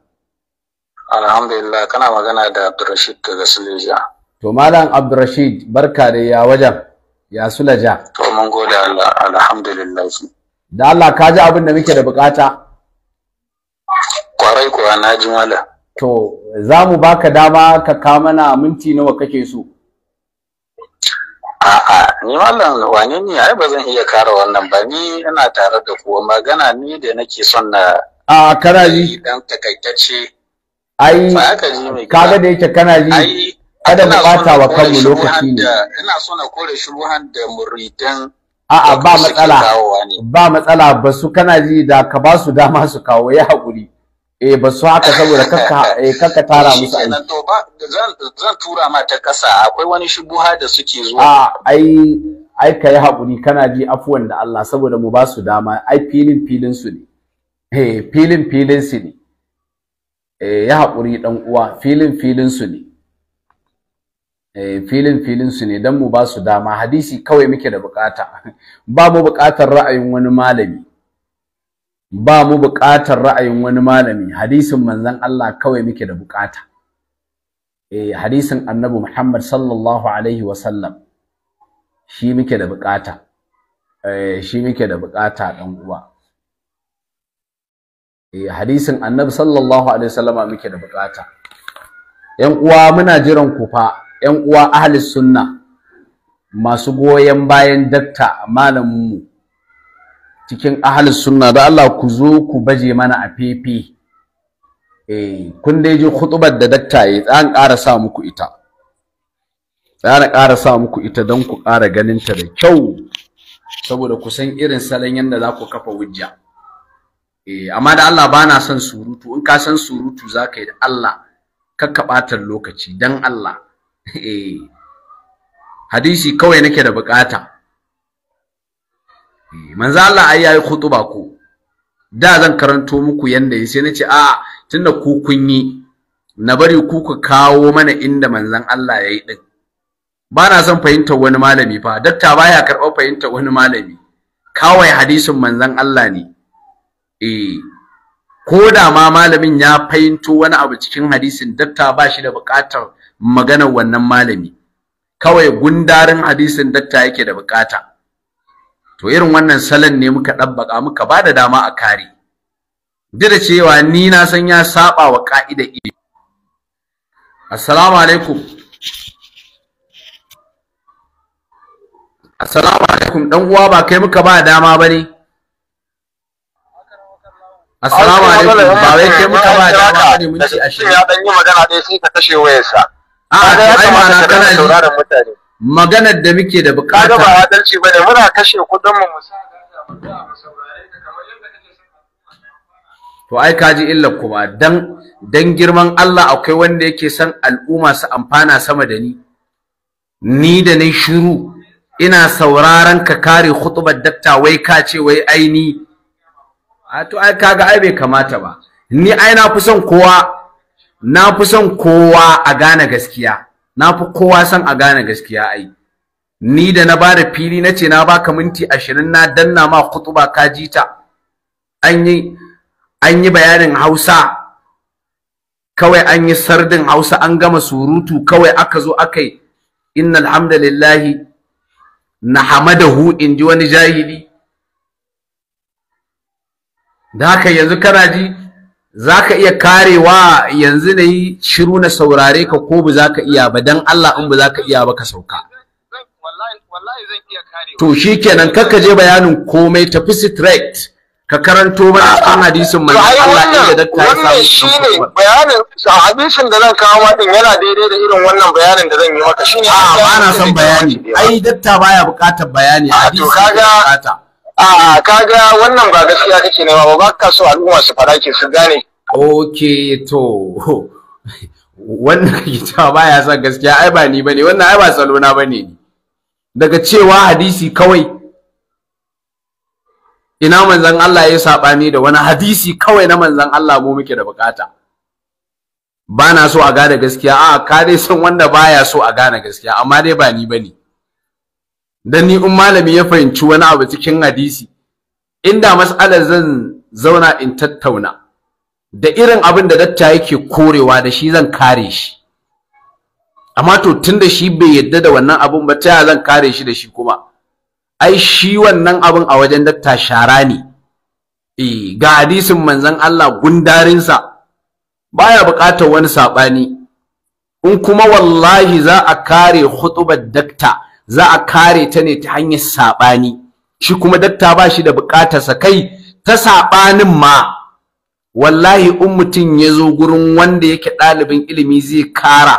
alhamdulillah kana magana da Abdurrashid daga Suleja to malam Abdurrashid barka da ya wajen ya Sulaja to mun gode Allah alhamdulillah da Allah ka ji abin da muke da bukata kwarai kuwa na ji malam to za mu baka dama ka kama na minti nawa kake so a'a ni mallam wani ne ai ba zan iya kara wannan ba ni ina tare da kuwa magana ni da nake son na a kana ji dan takaitacce ai kaga da yake kana ji kada mu bata wa kanmu lokaci ne ina so na kore shuruhan da muridan a'a ba matsala ba matsala ba su kana ji da ka ba su dama su kawo ya haƙuri eh ba su haka saboda kakka eh, tara eh, musu aiki to ba zan tura ma ta kasa akwai wani shubuha da suke zuwa a ah, ai ai kai hakuri kana ji afuwan da Allah saboda mu ba su dama ai filin filin su ne eh filin filin su ne eh ya hakuri dan uwa filin filin su ne eh filin filin su ne dan mu ba su dama hadisi kawai muke da bukata [laughs] ba mu bukatar ra'ayin wani malami ba mu buƙatar ra'ayin wani malami hadisin manzon Allah kawai muke da buƙata eh hadisin annabi Muhammad sallallahu alaihi wa sallam shi muke da buƙata eh shi muke da buƙata dan uwa eh hadisin annabi sallallahu alaihi wa sallama muke da buƙata yan uwa muna jiran ku fa yan uwa ahli sunna masu goyon bayan dakta malamin mu cikin ahalus sunna da Allah ku zo ku baje mana a fefe eh kun dai ji khutubar da dakta yi tsan ƙara sa muku ita tsara ƙara sa muku ita don ku ƙara ganin ta da kyau saboda ku san irin salon yanda za ku kafa hujja eh amma da Allah bana son surutu in ka san surutu za ka yi da Allah kakka lokaci don Allah [laughs] eh hadisi kawai nake da buƙata Eh, manzo Allah ai yayi khutuba ko da zan karanto muku yanda yace sai nace a tunda ku kun yi na bari ku ku kawo mana inda manzon Allah yayi din ba na son fahimtar wani malami fa dakta baya karɓar fahimtar wani malami kawai hadisin manzon Allah ne eh ko da ma malamin ya fahimto wani abu cikin hadisin dakta ba shi da buƙatar maganar wannan malami kawai gundarin hadisin dakta yake da buƙata to irin wannan salon ne muka ɗabbaƙa muka ba da dama a kare duk da cewa ni na san ya saba wa ka'ida ilimi assalamu alaikum assalamu alaikum dan uwa ba kai muka ba dama bane assalamu alaikum ba wai kai muka ba dama bane mun ci shi. ya dan yi magana dai sai ka kashe wayarsa a ga ya kamata kana sauraron mutane maganar da muke da bukata ba adalci bane muna kashe kudin mu to ai kaji illa kuma dan dan girman Allah akwai wanda yake son al'umma su amfana sama da ni ni da nayi shiru ina sauraron ka kare khutbar dakta wai ka ce wai aini. a to ai kaga ai bai kamata ba ni ai fi son kowa na fi son kowa a gane gaskiya na fi kowa san a gane gaskiya ai ni da na bada fili na ce na baka minti ashirin na danna ma kutuba ka ji ta an yi an yi bayanin hausa kawai an yi sardin hausa an gama surutu kawai aka zo aka yi inna alhamdulillahi na hamadahu ji wani jahili da haka yanzu kana ji za ka iya karewa yanzu na yi shiru na saurare ka ko ba za ka iya ba don Allah in ba za ka iya ba ka sauka. To shikenan kenan kakka je bayanin komai tafi straight ka karanto mana cikin hadisin manzo Allah inda da ta samu shi ne bayanin hadisin da zan kawo ma din yana daidai da irin wannan bayanin da zan yi maka shine ba na son bayani ai datta baya bukatar bayani hadisi bukata a'a kaga wannan ba gaskiya kake ne ba ka so al'umma su fara ke su gane okay to wannan kake cewa baya son gaskiya ai ba ni bane wannan ai ba salo na bane daga cewa hadisi kawai ina manzon Allah ya ni da wani hadisi kawai na manzon Allah mu muke da bukata ba na so a gane gaskiya a ka dai san wanda baya so a gane gaskiya amma dai ba ni bane dan ni in malami ya fahimci wani abu cikin hadisi inda mas'alar zan zauna in tattauna da irin abin da datta yake korewa da shi zan kare shi amma to tunda shi bai yadda da wannan abun ba ta zan kare shi da shi kuma ai shi wannan abun a wajen datta shara ne eh ga hadisin manzon Allah gundarinsa baya buƙatar wani sabani in kuma wallahi za a kare khutubar dakta za a kare ta ne ta hanyar saɓani shi kuma datta ba shi da sa kai ta saɓanin ma wallahi in mutum ya zo gurin wanda yake ɗalibin ilimi zai kara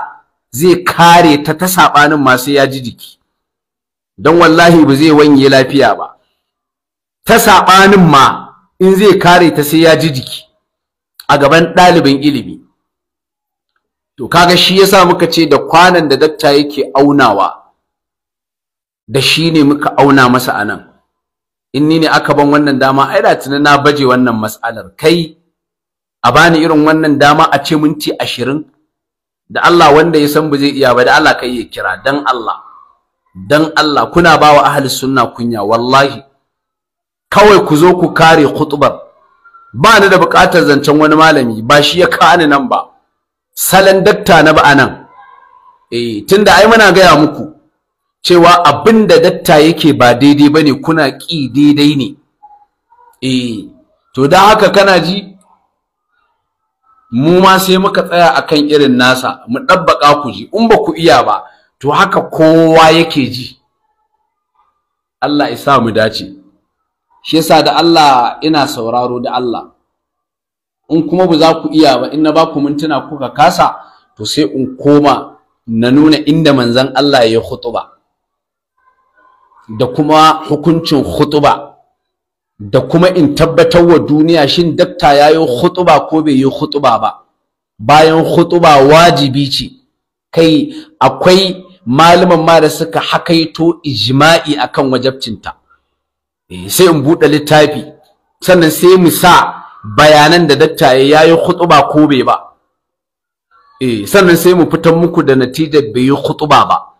zai kare ta ta saɓanin ma sai ya ji jiki don wallahi ba zai wanye lafiya ba ta saɓanin ma in zai kare ta sai ya ji jiki a gaban ɗalibin ilimi to kaga shi yasa muka ce da kwanan da dakta yake aunawa da shi ne muka auna masa anan in ni ne aka ban wannan dama ai da tunan na baje wannan matsalar, kai a bani irin wannan dama a ce minti ashirin da Allah wanda ya san ba zai iya ba da Allah kai ya kira dan Allah dan Allah kuna bawa ahli sunna kunya wallahi kawai ku zo ku kare khutbar ba ni da bukatar zancen wani malami ba shi ya kani nan ba salan dakta na ba anan eh tunda ai muna gaya muku cewa abin da datta yake ba daidai ba ne kuna ƙi daidai ne eh to don haka kana ji mu ma sai muka tsaya akan irin nasa mu ɗabbaƙa ku ji in ba ku iya ba to haka kowa yake ji Allah ya sa mu dace shi yasa da Allah ina sauraro da Allah in kuma ba za ku iya ba in na ba ku mintuna kuka kasa to sai in koma na nuna inda manzon Allah ya yi khutuba da kuma hukuncin khutuba da kuma in tabbatar wa duniya shin dakta ya yi khutuba ko bai yi khutuba ba bayan khutuba wajibi ce kai akwai malaman ma da suka hakaito ijma'i akan wajabcinta eh, sai in buɗe littafi sannan sai mu sa bayanan da dakta ya yi khutuba ko bai ba eh, sannan sai mu fitar muku da natijar bai yi khutuba ba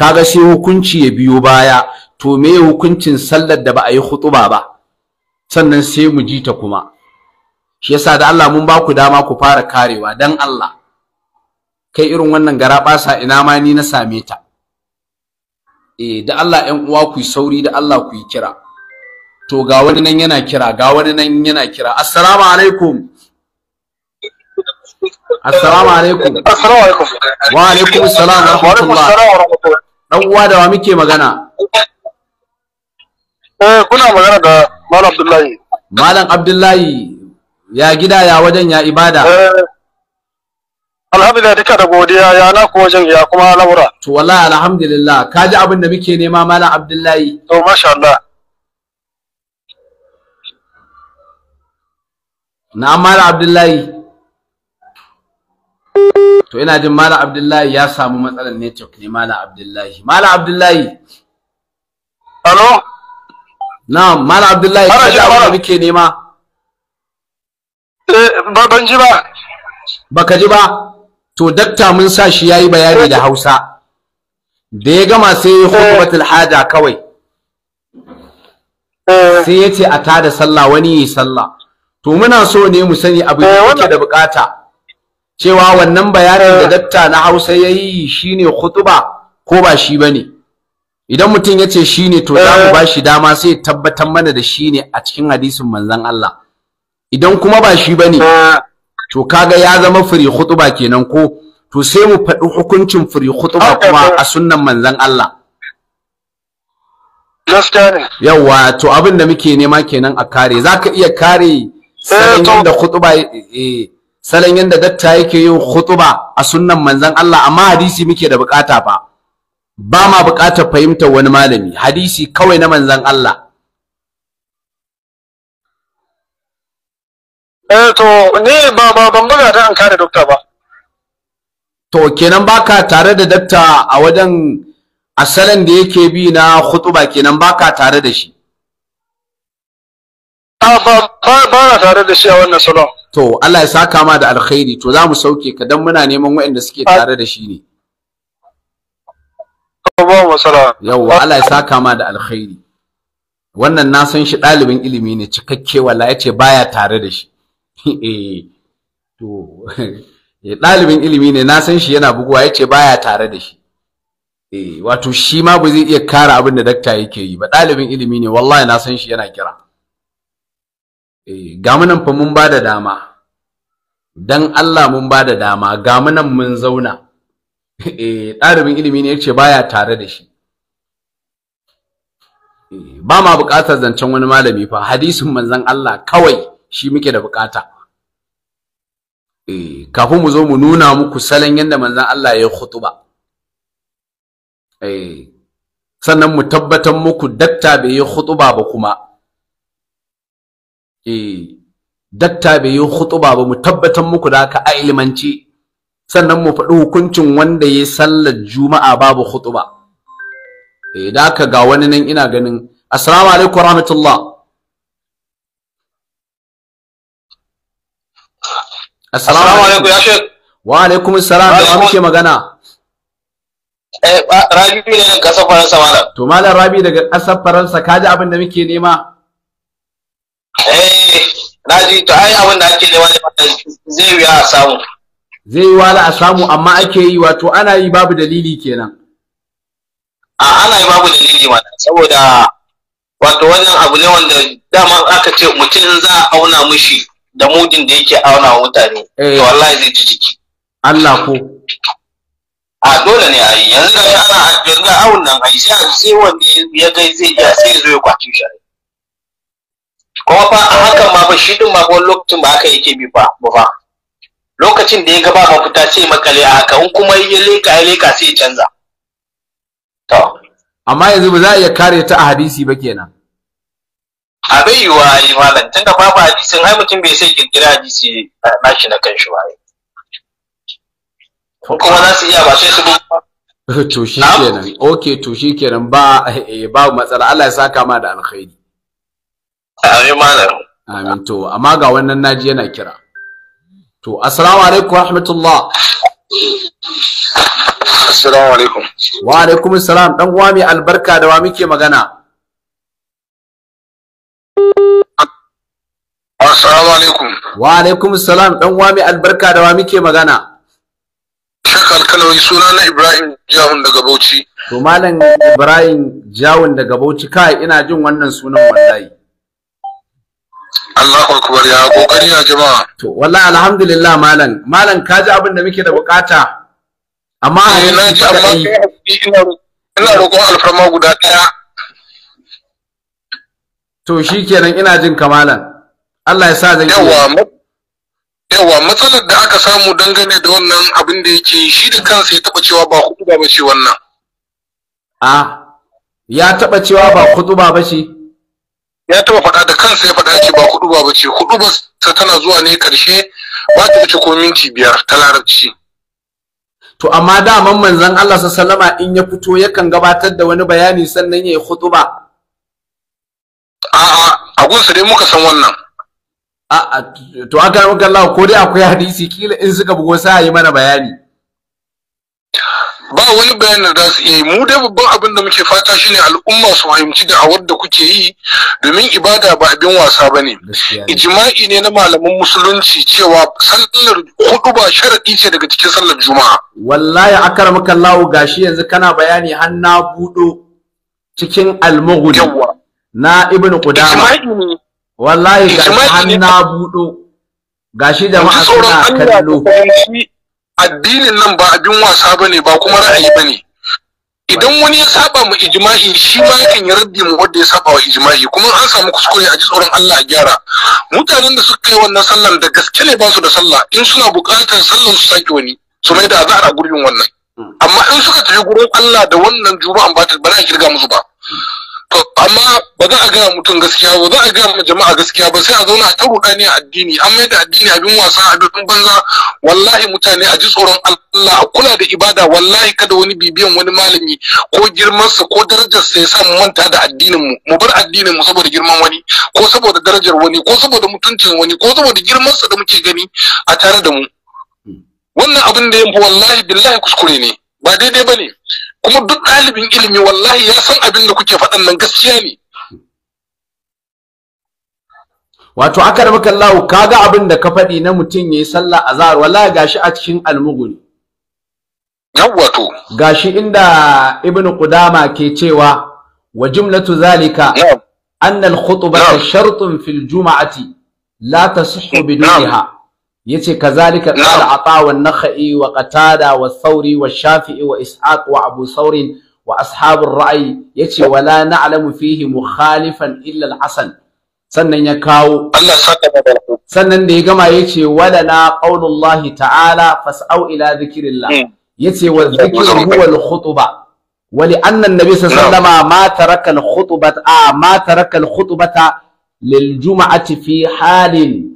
kaga sai hukunci ya biyo baya to me hukuncin sallar da ba a yi khutuba ba sannan sai mu ji ta kuma shi yasa da Allah mun ba ku dama ku fara karewa dan Allah kai irin wannan gara basa ina ma ni na same ta eh da Allah ɗan uwa ku yi sauri da Allah ku yi kira to ga wani nan yana kira ga wani nan yana kira assalamu alaikum assalamu alaikum assalamu alaikum wa alaikum assalam wa rahmatullah dan uwa da wa muke magana eh kuna magana da malam abdullahi malam abdullahi ya gida ya wajen ya ibada eh, alhamdulillah duka da godiya ya na ku wajen ya kuma lamura to wallahi alhamdulillah ka ji abin da muke nema malam abdullahi to masha Allah na malam abdullahi to ina jin mala abdullahi ya samu matsalar network ne mala abdullahi mala abdullahi alo na mala abdullahi ka ji abin da muke nema eh, ba ban ji ba baka ji ba to dakta mun sa shi yayi bayani da Hausa da ya gama sai ya eh. hukumatul haja kawai eh. sai ya ce a tada sallah wani yi sallah to muna so ne mu sani abin da kake da bukata cewa wannan bayanin da eh. datta na Hausa ya yi shine khutuba ko ba shi bane idan mutum ya ce shine to za mu eh. ba shi dama sai tabbatar mana da shine a cikin hadisin manzon Allah idan kuma ba shi bane eh. to kaga ya zama firi khutuba kenan ko to sai mu faɗi hukuncin firi khutuba kuma a sunnan manzon Allah Yawwa to abin da muke nema kenan a kare zaka iya kare sanin da khutuba eh salon yanda datta yake yin khutuba a sunnan manzon Allah amma hadisi muke da bukata fa ba ma bukata fahimtar wani malami hadisi kawai na manzon Allah eh to ni ba ba ban buga ta an kare dokta ba to kenan baka tare da dakta a wajen asalin da yake bi na khutuba kenan baka tare da shi ba na tare da shi a wannan salon to Allah ya saka ma da alkhairi to za mu sauke ka dan muna neman waɗanda suke ah. tare da shi ne yawwa Allah ya saka ma da alkhairi wannan na san shi ɗalibin ilimi ne cikakke wala ya ce baya tare da shi [laughs] eh, to [laughs] eh, ɗalibin ilimi ne na san shi yana buguwa ya ce baya tare da shi eh, wato shi ma ba zai iya kara abin da dakta yake yi ba ɗalibin ilimi ne wallahi na san shi yana kira Eh, ga munan fa mun bada dama dan Allah mun bada dama ga munan mun zauna [laughs] eh ɗalibin ilimi ne yace baya tare da shi eh, ba ma buƙatar zancen wani malami fa hadisin manzon Allah kawai shi muke da buƙata eh, kafin mu zo mu nuna muku salon yanda manzon Allah ya khutuba eh sannan mu tabbatar muku dakta bai yi khutuba ba kuma eh datta bai yi khutuba ba mu tabbatar muku da haka a ilmanci sannan mu faɗi hukuncin wanda ya yi sallar juma'a babu khutuba eh da haka ga wani nan ina ganin assalamu alaikum rahmatullah assalamu alaikum ya shek wa alaikum assalam da muke magana eh rabi ne kasar faransa malam to malam rabi daga kasar faransa kaji abin da muke nema Eh, na ji to ai abin da ake nema zai yi a samu zai yi wala a samu amma ake yi wato ana yi babu dalili kenan a ana yi babu dalili mana saboda wato wannan abu ne wanda dama aka ce mutum in za a auna mushi da mudin da yake auna mutane eh. to wallahi zai ji jiki Allah ko a dole ne a yi yanzu da ana yanzu da awun nan ai sai sai wanda ya gai zai iya sai zo ya kwaci shi kuma fa a hakan ma ba shi din ma wani lokacin ba haka yake bi ba ba lokacin da ya ga ba mafita sai makale a haka in kuma ya leka ya leka sai ya canza to amma yanzu ba za a iya kare ta a hadisi ba kenan a bai yi ai malam da babu hadisin ai mutum bai sai kirkira hadisi eh, na shi na kan shi ba kuma za su iya ba sai su [laughs] to shi kenan okay to shi kenan ba eh, ba matsala Allah ya saka ma da alkhairi Amin malam. Amin to amma ga wannan naji yana kira. To assalamu alaikum wa rahmatullah. Assalamu alaikum. Wa alaikum assalam dan uwa mai albarka da wa muke magana. Assalamu alaikum. Wa alaikum assalam dan uwa mai albarka da wa muke magana. Shek Alkalawi suna na Ibrahim Jawun daga Bauchi. To Malam Ibrahim Jawun daga Bauchi kai ina jin wannan sunan wallahi. Allahu akbar ya kokari ya jama'a to wallahi alhamdulillah malam malam kaji abin da muke da bukata amma eh na ji amma ina roƙon alfarma guda ɗaya to shikenan ina jin kamalan Allah ya sa zan yi yawa yawa matsalar da aka samu dangane da wannan abin da yake shi da kansa ya taba cewa ba hutuba ba shi wannan a ah, ya taba cewa ba hutuba ba shi ya taba faɗa da kansa ya faɗa ce ba hudu ba bace hudu ba sa tana zuwa ne karshe ba ta wuce ko minti biyar ta larabci to amma daman manzon Allah sallallahu in ya fito yakan gabatar da wani bayani sannan ya yi hutuba a'a a gunsa dai muka san wannan a'a to aka maka Allah ko dai akwai hadisi kila in suka bugo sai yi mana bayani ba wani bayanin da su iya yi mu dai babban abin da muke fata shine al'umma su fahimci awar da kuke yi domin ibada ba abin wasa ba ne ijma'i ne na malaman musulunci cewa sallar hudu ba sharaɗi ce daga cikin sallar juma'a wallahi akramaka Allah gashi yanzu kana bayani har na budo cikin al na ibnu qudama wallahi gashi har na budo gashi jama'a suna kallo addinin nan ba abin wasa ne, ba kuma ra'ayi bane idan wani ya saba mu ijma'i shi ma yakan yi raddi mu wanda ya saba wa ijma'i kuma an samu kuskure a ji tsoron Allah a gyara mutanen da suka yi wannan sallan da gaske ne ba su da sallah in suna buƙatar sallan su sake wani su mai da azara a gurbin wannan hmm. amma in suka tafi gurin Allah da wannan juma'an ba ta ba za a kirga musu ba amma ba za a gaya mutum gaskiya ba za a gaya ma jama'a gaskiya ba sai a zauna a ta rudani a addini an mai da addini abin wasa abin banza wallahi mutane a ji tsoron Allah a kula da ibada wallahi kada wani bibiyan wani malami ko girmansa ko darajarsa ya sa mu manta da addinin mu mu bar addinin mu saboda girman wani ko saboda darajar wani ko saboda mutuncin wani ko saboda girmansa da muke gani a tare da mu hmm. wannan abin da ya wallahi billahi kuskure ne ba daidai ba ne kuma duk ɗalibin ilimi wallahi ya san abin da kuke faɗan nan gaskiya ne wato aka rabu ka kaga abin da ka faɗi na mutum ya yi sallah a wallahi gashi a cikin almuguni yawwato gashi inda ibn qudama ke cewa wa jumlatu zalika anna al-khutbata shartun fil juma'ati la tasihhu bidunha yace kazalika qala ata wa nakhai wa qatada wa thauri wa shafi'i wa ishaq wa abu saurin wa ashabur ra'i yace wala na'lamu fihi mukhalifan illa al-hasan sannan ya kawo sannan da ya gama yace wala na qaulullahi ta'ala fas'au ila dhikrillah hmm. yace wa dhikru huwa al-khutbah ولأن النبي صلى الله عليه وسلم ما ترك الخطبة آه ما ترك الخطبة للجمعة في حال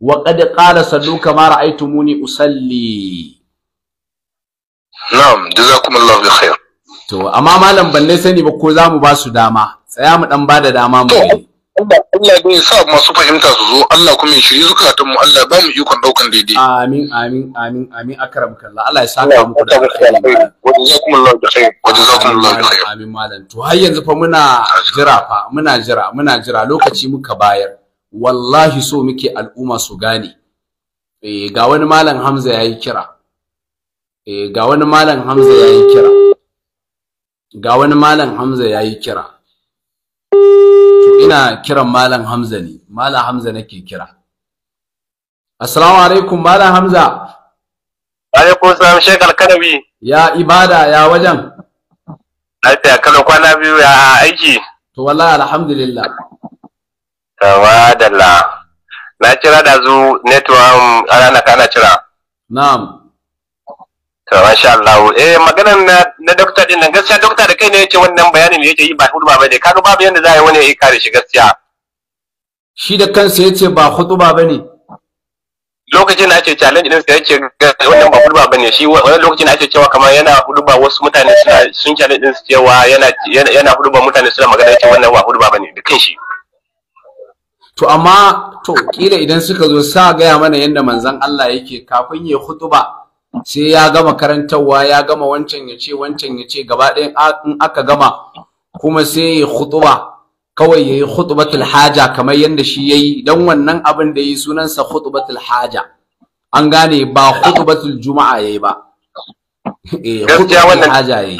wa qad qala sallu kama ra'aytumuni usalli na'am jazakumullahu bi khair to amma malam ban dai sani ba ko zamu mu ba su dama tsaya mu dan bada dama mu Allah Allah ya sa masu fahimta su zo Allah kuma ya shirye zukatan mu Allah ba mu ikon daukan daidai amin amin amin amin akram kalla, Allah ya saka muku da alkhairi wa jazakumullahu khair wa jazakumullahu khair amin malam to har yanzu fa muna jira fa muna jira muna jira lokaci muka bayar wallahi so muke al'umma su gane eh ga wani malam Hamza yayi kira eh ga wani malam Hamza yayi kira ga wani malam Hamza yayi kira to ina kiran malam Hamza ne malam Hamza nake kira assalamu alaikum malam Hamza alaikum salam Sheikh Alkanawi ya ibada ya wajen lafiya kana kwana biyu ya aiki to wallahi alhamdulillah tawadalla eh, na cira da zu network ana kana na'am to masha Allah eh maganar na na doctor din nan gaskiya doctor da kai ne yake wannan bayanin da yake yi ba hudba bane ga babu yanda za a yi wani ya kare shi gaskiya shi da kansa yace ba hudba bane lokacin da ake challenge din sa yace wannan ba hudba bane shi wannan lokacin da ake cewa kamar yana hudba wasu mutane suna sun challenge din su cewa yana yana hudba mutane suna magana yace wannan ba hudba bane da kanshi shi to amma to kila idan suka zo sa gaya mana yadda manzon Allah yake kafin ya khutuba sai ya gama karantarwa ya gama wancan ya ce wancan ya ce gaba ɗayan in aka gama kuma sai ya khutuba kawai ya yi hutubatul haja kamar yadda shi ya yi don wannan abin da ya yi sunansa hutubatul haja an gane ba hutubatul juma'a ya yi ba eh wannan. haja ya yi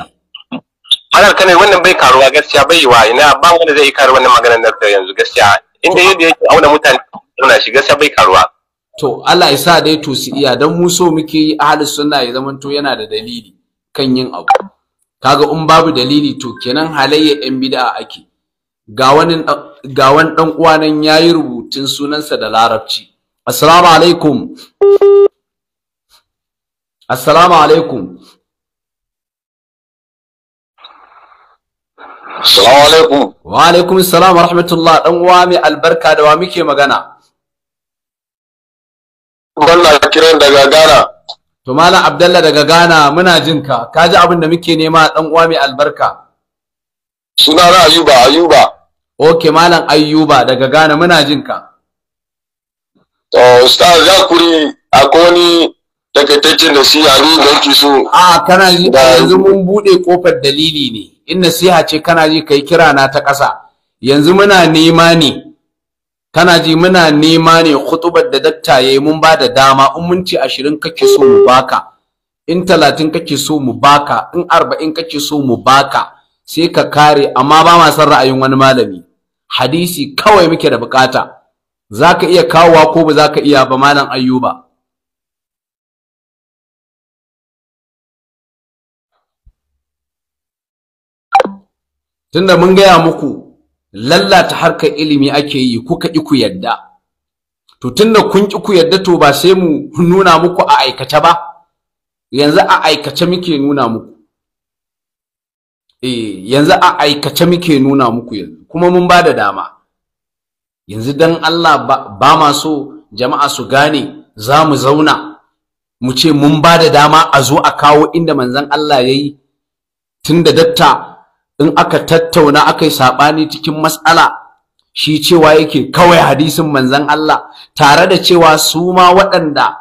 Malar kanai wannan bai karuwa gaskiya bai yi wa ina ba wanda zai yi karuwa wannan maganar da yanzu gaskiya inda yadda yake auna mutane suna shiga sai bai karuwa to Allah ya sa dai to su iya dan mu muke yi ahli sunna ya zaman to yana da dalili kan yin abu kaga in babu dalili to kenan halayya yan bid'a ake ga wani ga wani dan uwa nan yayi rubutun sunansa da larabci assalamu alaikum assalamu alaikum Assalamu alaikum. Wa alaikum wa rahmatullah dan uwa mai albarka da wa muke magana. Abdallah kiran daga Ghana. To Malam Abdallah daga Ghana muna jin ka. Ka ji abin da muke nema dan uwa mai albarka. Suna na Ayuba Ayuba. Okay Malam Ayuba daga Ghana muna jin ka. To Ustaz Zakuri akwai wani takaitaccen da siya a da yake so. A kana ji yanzu mun bude kofar dalili ne. in nasiha ce kana ji kai kira na ta ƙasa yanzu muna nema ne kana ji muna nema ne khutubar da dakta yayi mun ba da dama in mun ci 20 kake so mu baka in 30 kake so mu baka in 40 kake so mu baka sai ka kare amma ba ma san ra'ayin wani malami hadisi kawai muke da bukata zaka iya kawowa ko ba zaka iya ba malam ayyuba tunda mun gaya muku lallata harkar ilimi ake yi kuka iku yadda to tunda kun ƙi ku yadda to ba sai mu nuna muku a aikace ba yanzu a aikace muke nuna muku eh yanzu a aikace muke nuna muku yanzu kuma mun ba da dama yanzu dan Allah ba ma so jama'a su gane za mu zauna mu ce mun ba da dama a zo a kawo inda manzon Allah ya yi tun da datta in aka tattauna aka yi saɓani cikin matsala shi cewa yake kawai hadisin manzan Allah tare da cewa su ma waɗanda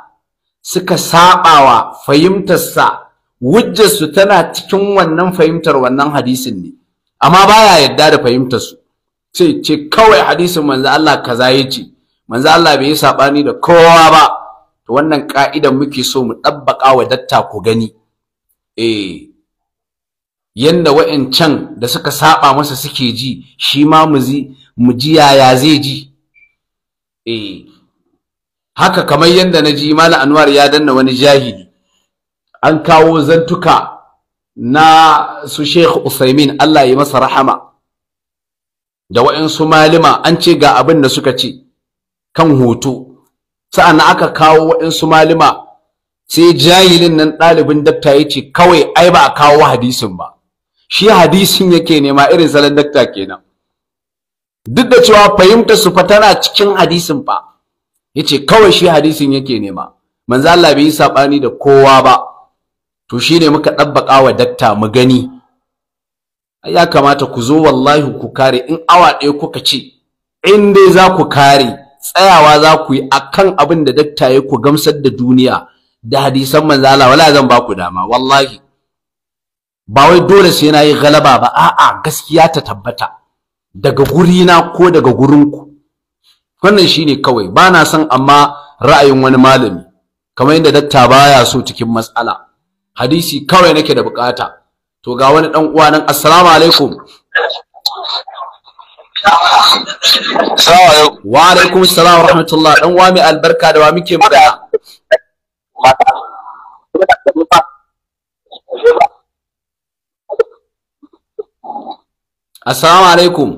suka saɓawa fahimtarsa hujjarsu tana cikin wannan fahimtar wannan hadisin ne amma baya yadda da fahimtarsu sai ce kawai hadisin manzon Allah kaza yace manzon Allah bai yi saɓani da kowa ba to wannan ka'idan muke so mu ɗabbaƙa wa datta ku gani eh yanda wa'incan da suka saba masa suke ji shi ma mu ji yaya zai ji eh haka kamar yanda na ji malam anwar ya danna wani jahili an kawo zantuka na su sheikh usaimin allah ya masa rahama da wa'insu malima an ce ga abin da suka ce kan hoto sa'an aka kawo wa'insu malima sai jahilin nan ɗalibin dakta ya ce kawai ai ba a kawo hadisin ba shi hadisin yake nema irin salon dakta kenan duk da cewa fahimta su fa tana cikin hadisin fa yace kawai shi hadisin yake nema manzo Allah bai yi sabani da kowa ba to shine muka dabbaka wa dakta mu gani ya kamata ku zo wallahi ku kare in awa ɗaya kuka ce in dai za ku kare tsayawa za ku yi akan abin da dakta ya ku gamsar da duniya da hadisan manzo Allah wala zan ba ku dama wallahi ba wai dole sai na yi galaba ba a'a gaskiya ta tabbata daga gurina ko daga gurinku wannan shine kawai ba na son amma ra'ayin wani malami kamar yadda datta baya so cikin matsala hadisi kawai nake da bukata to ga wani dan uwa nan assalamu alaikum wa alaikum assalam wa rahmatullah dan uwa mai albarka da wa muke magana assalamu alaikum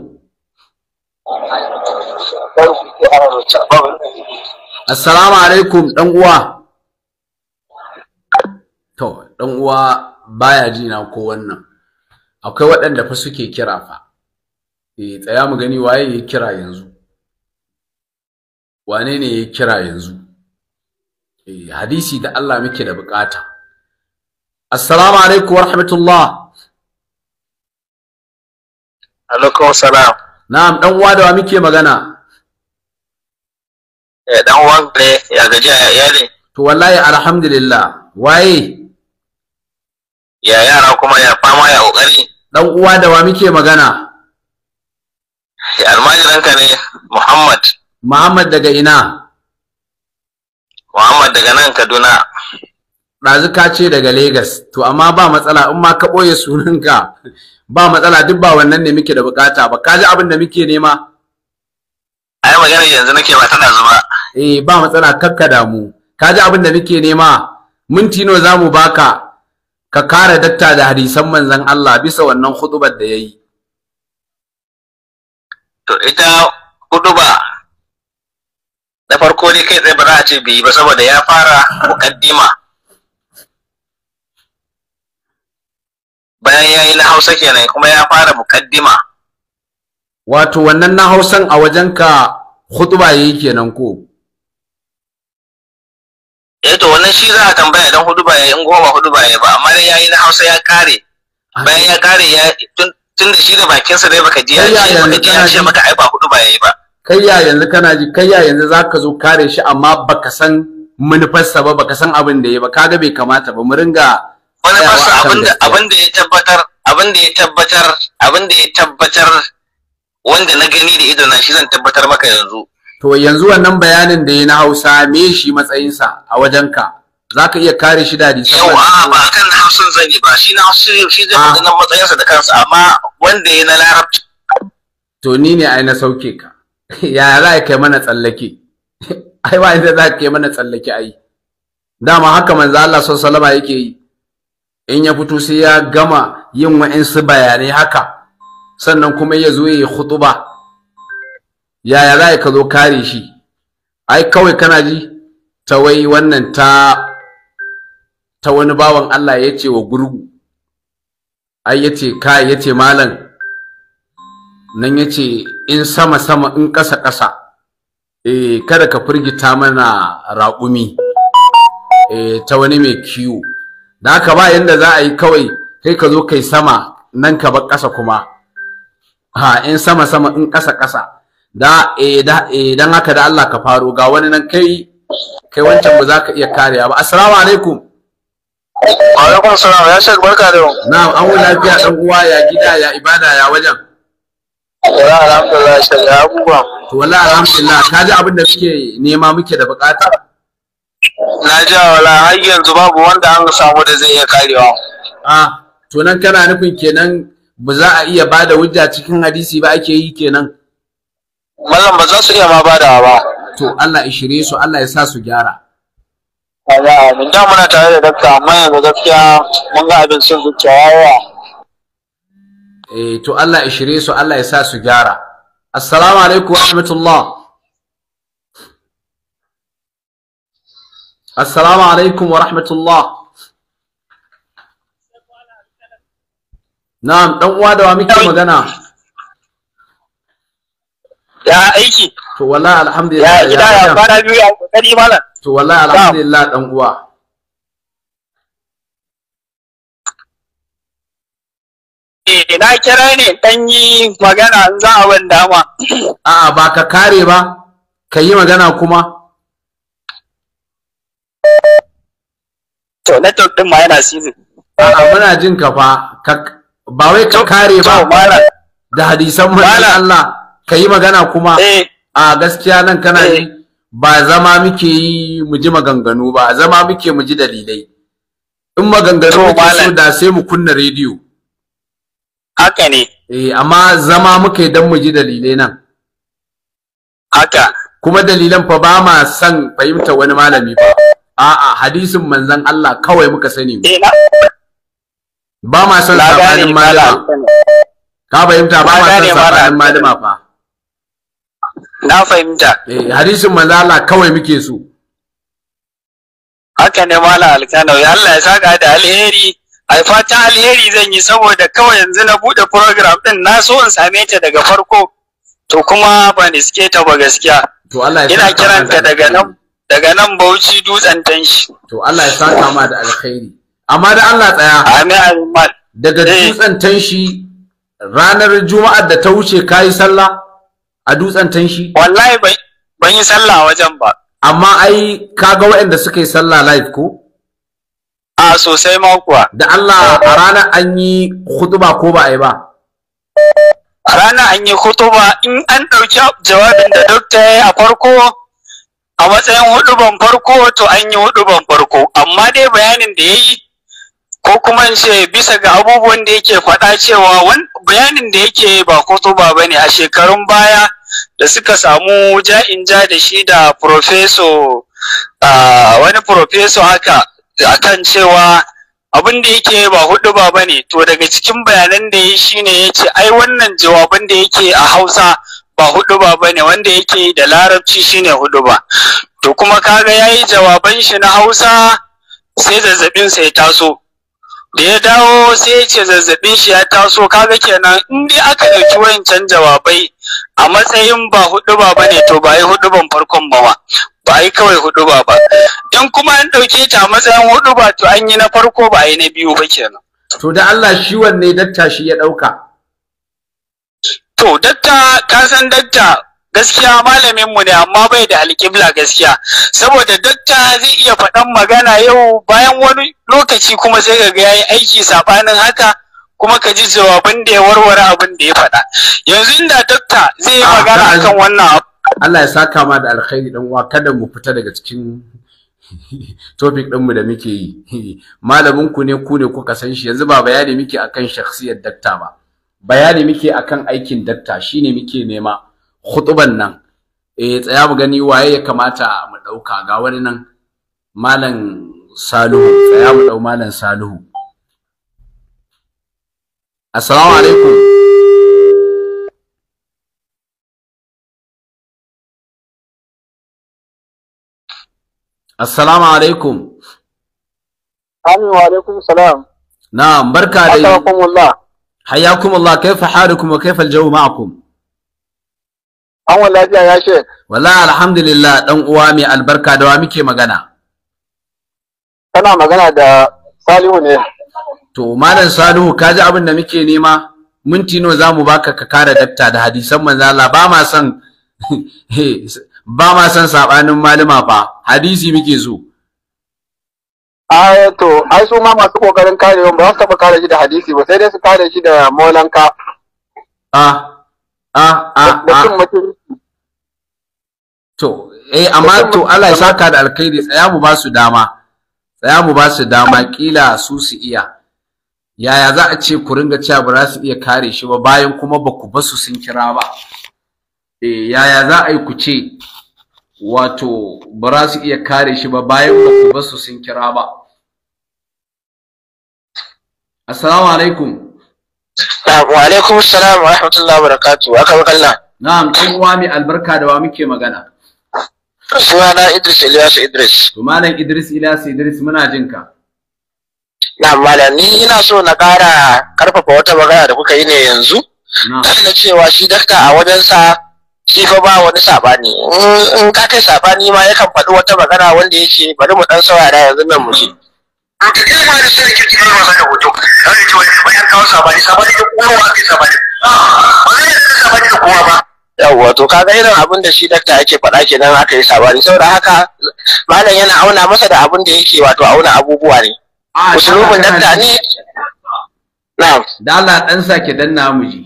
assalamu alaikum dan uwa to dan uwa baya ji na ko wannan akwai waɗanda fa suke kira fa eh tsaya mu gani waye ya kira yanzu wane ne ya kira yanzu eh, hadisi da Allah muke da bukata assalamu alaikum wa rahmatullah alaikum salam na'am dan uwa da wa muke magana eh dan uwan ne ya gaji a iyali to wallahi alhamdulillah waye ya yara kuma ya fama ya kokari dan uwa da wa muke magana ya almajiranka ne muhammad muhammad daga ina Muhammad daga nan Kaduna. Ɗazu ka ce daga Legas, to amma ba matsala in ma ka ɓoye sunanka ba matsala duk ba wannan ne muke da bukata ba kaji abin da muke nema ai magana yanzu nake ba tana zuba eh ba matsala kakka damu kaji abin da muke nema minti nawa zamu baka ka kare datta da hadisan manzon Allah bisa wannan hudubar da yayi to ita huduba da farko ne kai tsaye ba za a ce bi ba saboda ya fara mukaddima bayan ya yi na hausa kenan kuma ya fara mukaddima wato wannan na hausan a wajenka hutuba yi kenan ko eh to wannan shi za a tambaya don hutuba yi in goma hutuba yayi ba amma dai yi na hausa ya kare ah. bayan ya kare ya tun da shi da bakinsa dai baka ji ya ce maka ai ba hutuba yi ba kai ya yanzu kana ji kai ya yanzu zaka zo kare shi amma baka san manufarsa ba baka san abin da ya ba kaga bai kamata ba mu ringa wani fasa abinda ya tabbatar abinda ya tabbatar abinda ya tabbatar wanda na gani da idona shi zan tabbatar maka yanzu to yanzu wannan bayanin da ya na Hausa me shi matsayinsa a wajenka zaka iya kare shi da hadisi yau a ba kan Hausan zan yi ba shi na Hausa shi zai faɗi ah. nan matsayinsa da kansa amma wanda ya na Larabci to ni ne ai na sauke ka [laughs] ya za ka mana tsallake [laughs] ai ba inda za ka yi mana tsallake ai dama haka manzo Allah sallallahu alaihi wasallam yake yi in ya fito sai ya gama yin wa'insu bayanai haka sannan kuma ya zo ya khutuba yaya za ka zo kare shi ai kawai kana ji ta wai wannan ta ta wani bawan Allah ya ce wa gurgu ai ya ce kai ya ce malam nan ya ce in sama sama in ƙasa ƙasa eh kada ka firgita mana raƙumi eh ta wani mai kiwo da haka ba yanda za a yi kawai kai ka zo kai sama nan ka bar ƙasa kuma ha in sama sama in ƙasa ƙasa da idan eh, eh, haka da Allah ka faro ga wani nan kai kai wancan ba za ka iya kariya ba assalamu alaikum alaikum salam ya shek barka da yau na'am an wuce lafiya dan uwa ya gida ya ibada ya wajen wala alhamdulillah shek ya abubuwa to wala alhamdulillah ka ji abin da suke nema muke da bukata na ji wala har yanzu babu wanda an samu da zai iya karewa a to nan kana nufin kenan ba za a iya bada hujja cikin hadisi ba ake yi kenan mallam ba za su iya ma bada ba to Allah ya shirye su Allah ya sa su gyara kaza mun da muna tare da dakta amma yanzu gaskiya mun ga abin sun zuciya yawa eh to Allah ya shirye su Allah ya sa su gyara assalamu alaikum wa rahmatullah السلام عليكم ورحمة الله نعم دان uwa da wa muke magana ya aiki ya gida ya fara biyu ya kokari malam to eh, na kira ne dan yi magana za a ban dama a'a ba ka kare ba ka yi magana kuma to network din ma yana sizin a'a muna jin ka fa ba wai ka kare ba da hadisan manzon Allah ka yi magana kuma eh. a gaskiya nan kana yi eh. ba zama muke yi mu ji maganganu ba zama muke mu ji dalilai in maganganu muke so da sai mu kunna rediyo haka ne eh amma zama muke dan mu ji dalilai nan haka kuma dalilan fa ba ma son fahimta wani malami ba a'a hadisin manzon Allah kawai muka sani eh, ba ma son sabanin malama ka fahimta ba ma son sabanin malama fa na fahimta eh hadisin manzon Allah kawai muke so haka ne mala alkano ya Allah ya saka da alheri ai fata alheri zan yi saboda kawai yanzu na bude program din na so in same ta daga farko to kuma ban iske ta ba gaskiya to Allah ya ina kiranta daga nan daga nan Bauchi dutsen tanshi to Allah ya saka ma da alkhairi amma da Allah tsaya amin daga eh. dutsen tanshi ranar juma'ar da ta wuce kayi sallah a dutsen tanshi wallahi ban yi sallah wajen ba amma ai kaga waɗanda suka yi sallah live ko a sosai ma kuwa da Allah a ranar an yi khutuba ko ba a yi ba a ranar an yi in an ɗauki jawabin da dokta ya yi a farko a matsayin hudu ban farko to an yi ban farko amma dai bayanin da ya yi ko kuma in ce bisa ga abubuwan da yake faɗa cewa bayanin da yake ba kutuba ba bane a shekarun baya da suka samu ja'in ja da shi da profeso wani profeso haka akan cewa abin da yake ba hudu ba bane to daga cikin bayanan da ya yi shine ce ai wannan jawaban da yake a Hausa ba ba bane wanda yake da larabci shine huduba to kuma kaga yayi jawaban shi na Hausa sai zazzabin sa ya taso da ya dawo sai ya ce zazzabin shi ya taso kaga kenan in dai aka ɗauki wayancan jawabai a matsayin ba ba bane to ba yi ban farkon ba ma ba yi kawai hudu ba in kuma an ɗauke ta a matsayin ba to an yi na farko ba yi na biyu ba kenan to da Allah shi wanne shi ya ɗauka To, dakta, ka san dakta gaskiya malaminmu ne amma bai da alƙibla gaskiya saboda dakta zai iya faɗan magana yau bayan wani lokaci kuma sai kaga yayi aiki saɓanin haka kuma ka ji jawabin da ya warware abin da ya faɗa yanzu inda datta zai yi ah, magana akan wannan Allah ya saka ma da alkhairi dan wa kada mu fita daga cikin [laughs] topic ɗinmu da muke yi [laughs] malamin ku ne ku ne kuka san shi yanzu ba bayani muke akan shakhsiyar dakta ba bayani muke akan aikin dakta shine muke nema khutuban nan eh tsaya mu gani waye ya kamata mu dauka ga wani nan malam Salihu tsaya mu dau malam Salihu Assalamu alaikum Assalamu alaikum wa alaikum salam Na'am barka dai Allah حياكم الله كيف حالكم وكيف الجو معكم an lafiya ya she wallahi alhamdulillah dan uwa mai albarka da wa muke magana kana magana da Salihu ne to malam Salihu kaji abin da muke nema minti nawa zamu baka ka kare dakta da hadisan manzo ba ma san [laughs] ba malama fa hadisi muke so ai to ai su ma masu kokarin kare ba su taba kare shi da hadisi ba sai dai su kare shi da molanka a a a a to eh amma to Allah ya saka da alkhairi tsaya mu ba su dama tsaya mu ba su dama kila su su iya yaya za a ce ku ringa cewa ba za su iya kare shi ba bayan kuma ba ku ba su sun kira ba eh yaya za a yi ku ce wato ba za su iya kare shi ba bayan ba su basu sun kira ba assalamu alaikum wa alaikum assalam wa rahmatullahi wa barakatuh aka bakalla na'am ɗan wa mai albarka da wa muke magana sunana Idris Ilyas Idris to malam Idris Ilyas Idris muna jin ka na'am malam ni ina so na ƙara karfafa wata magana da kuka yi ne yanzu na cewa shi dakka a wajensa shi fa ba wani sabani in ka kai sabani ma yakan faɗi wata magana wanda yake bari mu dan saurara yanzu nan mu ji to irin ma da sai kirki ne ba da hoto har ce wai bayan kawo sabani sabani da kowa ake sabani ah, ba zai yi sabani da kowa ba yawwa to kaga irin abin da shi dakta yake faɗa kenan aka yi sabani saboda haka malam yana auna masa da abin da yake wato auna abubuwa ne ah, usulubin dakta ne na'am da Allah dan sake danna mu ji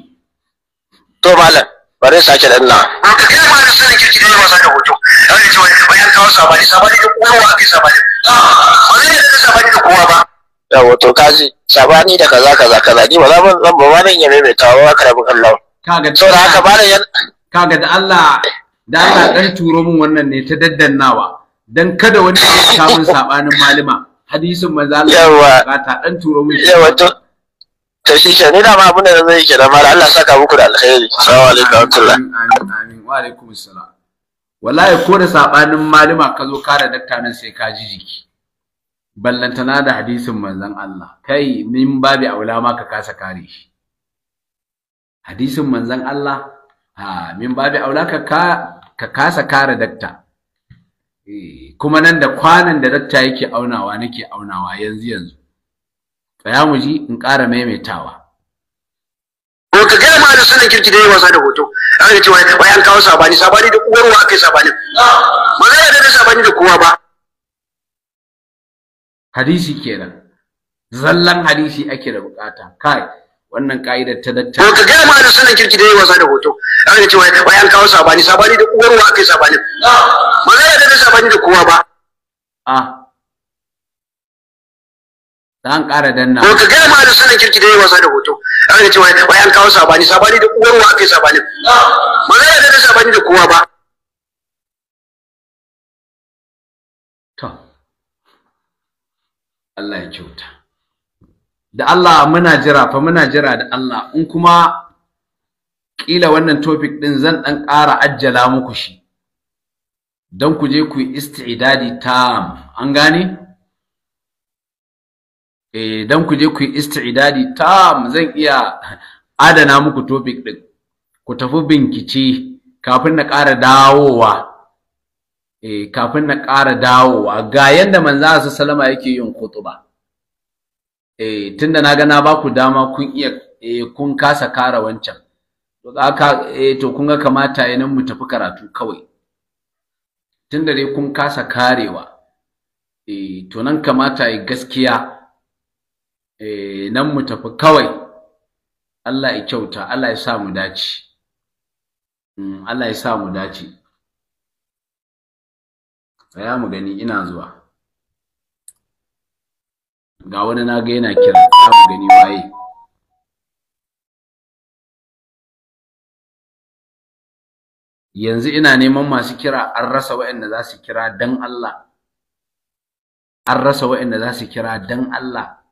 to malam bari sake danna ko ka kai ma da ne kike ne ba sake hoto dan ne cewa bayan kawo sabani sabani da kowa ake kai sabani ba ne da sabani da kowa ba Da hoto kaji sabani da kaza kaza kaza ni ba za ban zan ba wani ya maimaita ba ka rabu Allah kaga to da haka bada yan kaga da Allah da Allah dan turo mun wannan ne ta daddannawa dan kada wani ya samu sabanin malima hadisin manzo Allah ya ta dan turo mun yawa to to shi ke ni da ma abin da zan yi kenan mara. Allah saka muku da alkhairi assalamu alaikum wa rahmatullah amin amin wa alaikum assalam wallahi ko da sabanin malima ka zo kare dakta nan sai ka ji jiki ballantana da hadisin manzon Allah kai min babi aula ma ka kasa kare shi hadisin manzon Allah ha min babi aula ka ka kasa kare dakta eh, kuma nan da kwanan da dakta yake aunawa nake aunawa yanzu yanzu tsaya mu ji in ƙara maimaitawa ko ka gaya ma da sunan kirki da yawa da hoto an ce wai wai an kawo sabani sabani da uwar wa akai sabani ba za ya da sabani da kowa ba hadisi kenan zallan hadisi ake da bukata kai wannan ka'idar ta datta ko ka gaya ma da sunan kirki da yawa da hoto an ce wai wai an kawo sabani sabani da uwar wa akai sabani ba za ya da sabani da kowa ba ah an ƙara danna ko ka gaya ma da sunan kirki da yawa wasa da hoto an ga cewa wai an kawo sabani sabani da uwar wa ake sabani ba za da sabani da kowa ba to Allah ya kyauta da Allah muna jira fa muna jira da Allah in kuma kila wannan topic din zan dan ƙara ajjala muku shi don ku je ku yi isti'idadi tam an gane eh dan ku je ku yi isti'dadi tam zan iya adana muku topic din ku tafi binkici kafin na ƙara dawowa eh kafin na ƙara dawowa ga yanda manzo wasallam yake yin khutba eh tunda na ga na ba ku dama kun iya eh, kun kasa kara wancan to haka eh to kun ga kamata yayin mu tafi karatu kawai tunda dai kun kasa karewa eh to nan kamata yi gaskiya Eh, nan mu tafi kawai Allah ya kyauta Allah ya sa mu dace mm, Allah ya sa mu dace tsaya mu gani ina zuwa ga wani na ga yana kira za mu gani waye yanzu ina neman masu kira an rasa waɗanda za su kira dan Allah an rasa waɗanda za su kira dan Allah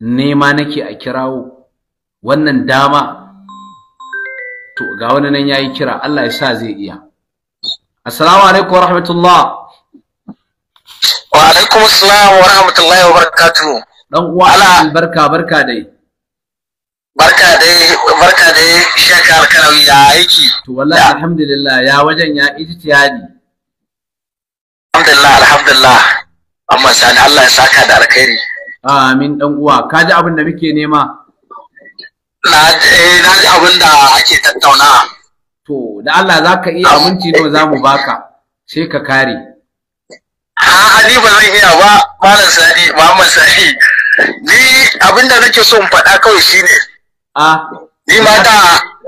nema nake a kirawo wannan dama to ga wani nan yayi kira Allah ya sa zai iya assalamu alaikum wa rahmatullah wa alaikum assalam wa rahmatullahi wa barakatuh dan uwa barka barka dai barka dai barka dai shaka alkarawi ya aiki to wallahi alhamdulillah ya wajen ya ijtihadi alhamdulillah alhamdulillah amma sani Allah ya saka da alkhairi amin dan uwa ka ji abin da muke nema na ji abin da ake tattauna to da Allah za ka iya aminci nawa za mu baka sai ka kare a ni ba zan iya ba malam sani mu sani ni abin da nake so in faɗa kawai shine a ni ma da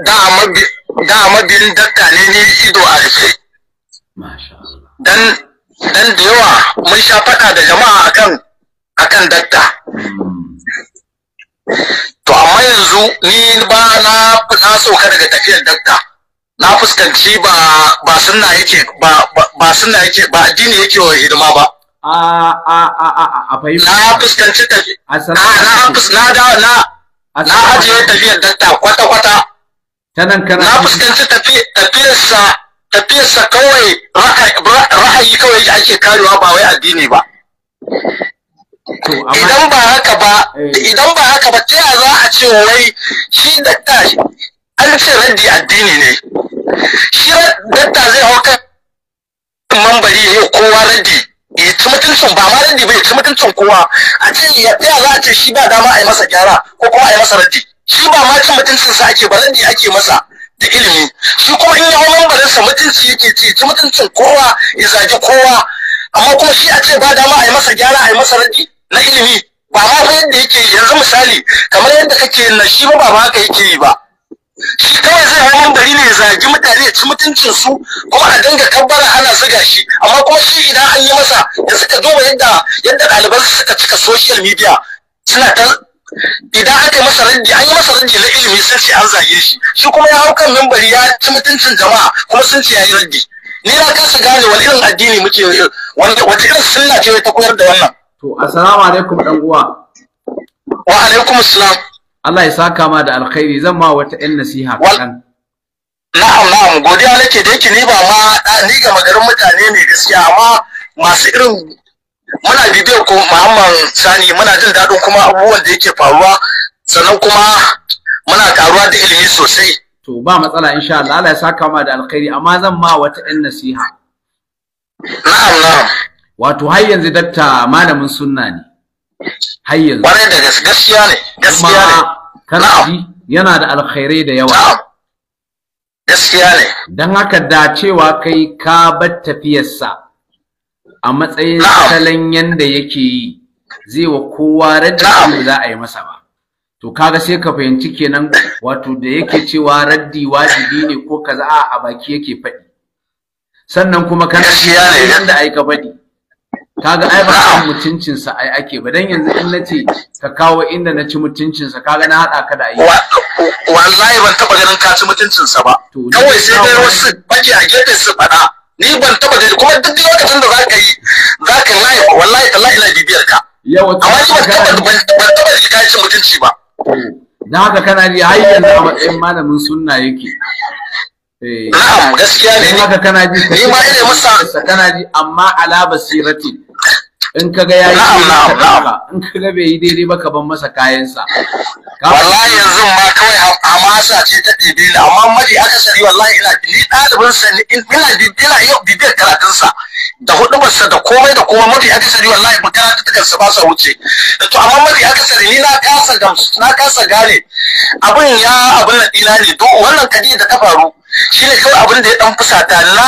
da amabi da mabin dakka ne ni ido a rufe dan dan da yawa mun sha faɗa da jama'a akan akan dakta hmm. to amma yanzu ni ba na na sauka daga tafiyar dakta na fuskanci ba ba sunna yake ba ba sunna yake ba addini yake wa hidima ba a a a a a fahimta na fuskanci tafi na na da na na ajiye tafiyar dakta kwata kwata tanan kana na fuskanci tafiyarsa sa kawai ra'ayi kawai ake karewa ba wai addini ba Idan ba haka ba, eh. idan ba haka ba, ta za a ce wai shi dakta alfin raddi addini ne. Shi dakta zai hau kan mambari ne kowa raddi. Ya ci mutuncin ba ma raddi ba ya ci mutuncin kowa. A ce ya ta za a ce shi ba dama a yi masa gyara ko kuma a yi masa raddi. Shi ba ma cin sa ake ba raddi ake masa. da ilimi shi kuma in yawo lambarinsa mutunci yake ci ci mutuncin kowa ya zagi kowa amma kuma shi a ce ba dama a yi masa gyara a yi masa raji na ilimi ba ma yadda yake yanzu misali kamar yadda kake na shi ba ba ka yake yi ba shi kawai zai hau bari ne zagi mutane ya ci mutuncin su kuma a dinga kabbara ana zuga shi amma kuma shi idan an yi masa ya suka duba yadda yadda ɗaliban suka cika social media suna ta idan aka yi masa raddi an yi masa raddi na ilimi sun ce an zage shi shi kuma ya hau kan mimbari ya ci mutuncin jama'a kuma sun ce ya yi raddi ni na kasa gane wani irin addini muke wani wata irin sunna ce ta koyar da wannan To, assalamu alaikum ɗan uwa. Wa alaikum assalam. Allah ya saka ma da alkhairi zan ma wata ƴan nasiha kan. Na'am na'am godiya nake da yake ni ba ma ni ga magarin mutane ne gaskiya amma masu irin muna bibiyar ko Muhammad Sani muna jin daɗin kuma abubuwan da yake faruwa sannan kuma muna taruwa da ilimi sosai. To ba matsala insha Allah Allah ya saka ma da alkhairi amma zan ma wata ƴan nasiha. Na'am na'am. wato har yanzu dakta malamin sunna ne har yanzu kwarai da gaskiya ne gaskiya ne kana ji yana da alkhairai da yawa gaskiya ne dan haka da cewa kai ka bar tafiyarsa a matsayin salon yanda yake yi zai wa kowa raddi za a yi masa ba to kaga sai ka fahimci kenan wato da yake cewa raddi wajibi ne ko kaza a baki yake faɗi sannan kuma kana cewa yanda ai ka faɗi kaga ai ba san mutuncin sa ai ake ba dan yanzu in nace ka kawo inda na ci mutuncin sa kaga na hada ka da ai wallahi ban taba ganin ka ci mutuncin sa ba kawai sai dai wasu baki a gefe su fada ni ban taba ganin kuma duk lokacin da zaka yi zaka live wallahi tallahi ina bibiyar ka yawa amma ban taba ban taba ka ci mutunci ba na haka kana ji har yanzu a matsayin malamin sunna yake eh, Na'am gaskiya ne. Ni ma ina musa. Kana ji amma ala basirati. in ka ga yayi na'am na'am in ka ga bai yi daidai ba ka ban masa kayansa wallahi yanzu ma kawai Hamasa ce ta ɗebe ni amma maji sani, wallahi ina ni dalibin sa ina ina yau bibiyar karatun sa da hudubarsa da komai da komai mafi sani, wallahi ta kansa ba sa wuce to amma aka sani ni na kasa gamsu na kasa gane abin ya abin na ina ne to wannan kadi da ta faru shine kawai abin da ya dan fusata na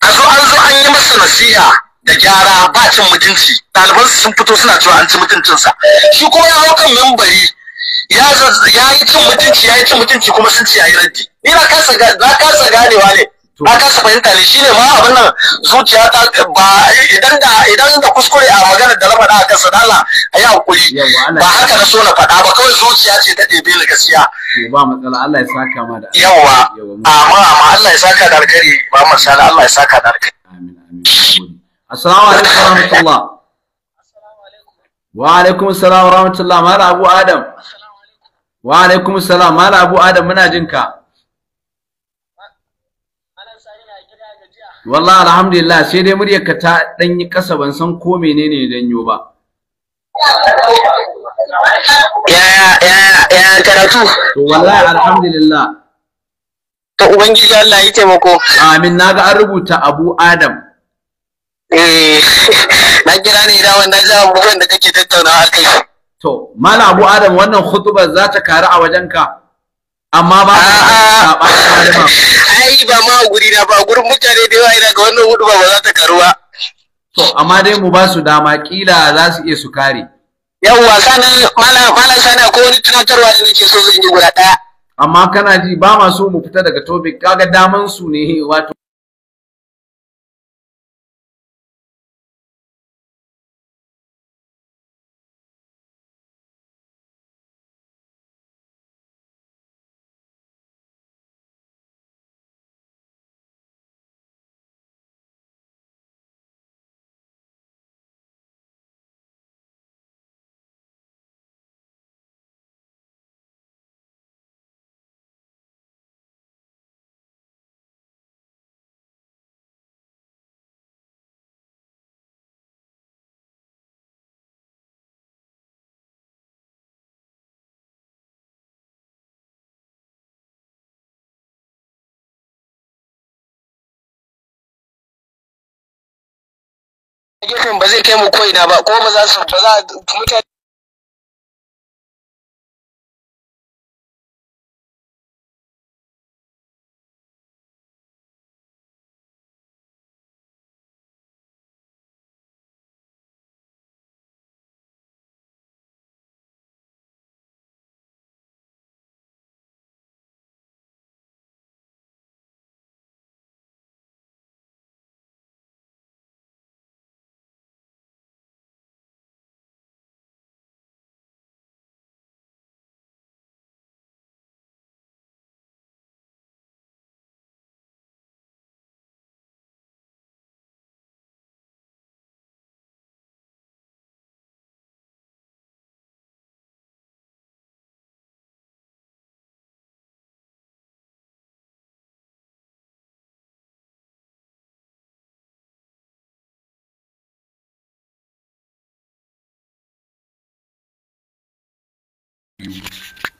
a zo an zo an yi masa nasiha da gyara ba cin mutunci ɗalibansu sun fito suna cewa an ci mutuncinsa shi kuma ya hau kan membari ya yi cin mutunci ya yi cin mutunci kuma sun ce ya yi raddi ni na kasa na kasa ganewa ne na kasa fahimta ne shine ma abin nan zuciya ta ba idan da idan da kuskure a magana da lamarin a kasa dala a yi hakuri ba haka na so na faɗa ba kawai zuciya ce ta ɗebe ni gaskiya ba matsala Allah ya saka ma da yawa amma amma Allah ya saka da alkhairi ba masala Allah ya saka da alkhairi amin amin assalamu alaikum warahmatullah wa alaikum assalam warahmatullah mala abu adam wa alaikum assalam mala abu adam muna jin ka alhamdulillah sai dai muryar ta dan yi kasa ban san ko menene danyo ba ya karatu to ubangiji Allah ya taimako amin naga an rubuta abu adam Eh, [laughs] na kira ne da wannan ji abubuwan da kake tattaunawa a kai to mala abu adam wannan khutubar za ta karu a wajenka amma ba ta ai ba ma guri na ba gurin mutane da yawa yana ga wannan hudu ba za ta karu ba to amma dai mu ba su dama kila za su iya su kare yawwa sanin mala mala sana ko wani tunatarwa ne nake so zan yi guda daya amma kana ji ba ma so mu fita daga topic kaga daman su ne wato littafin ba zai kai mu ko ina ba ko ba za su ba za mutane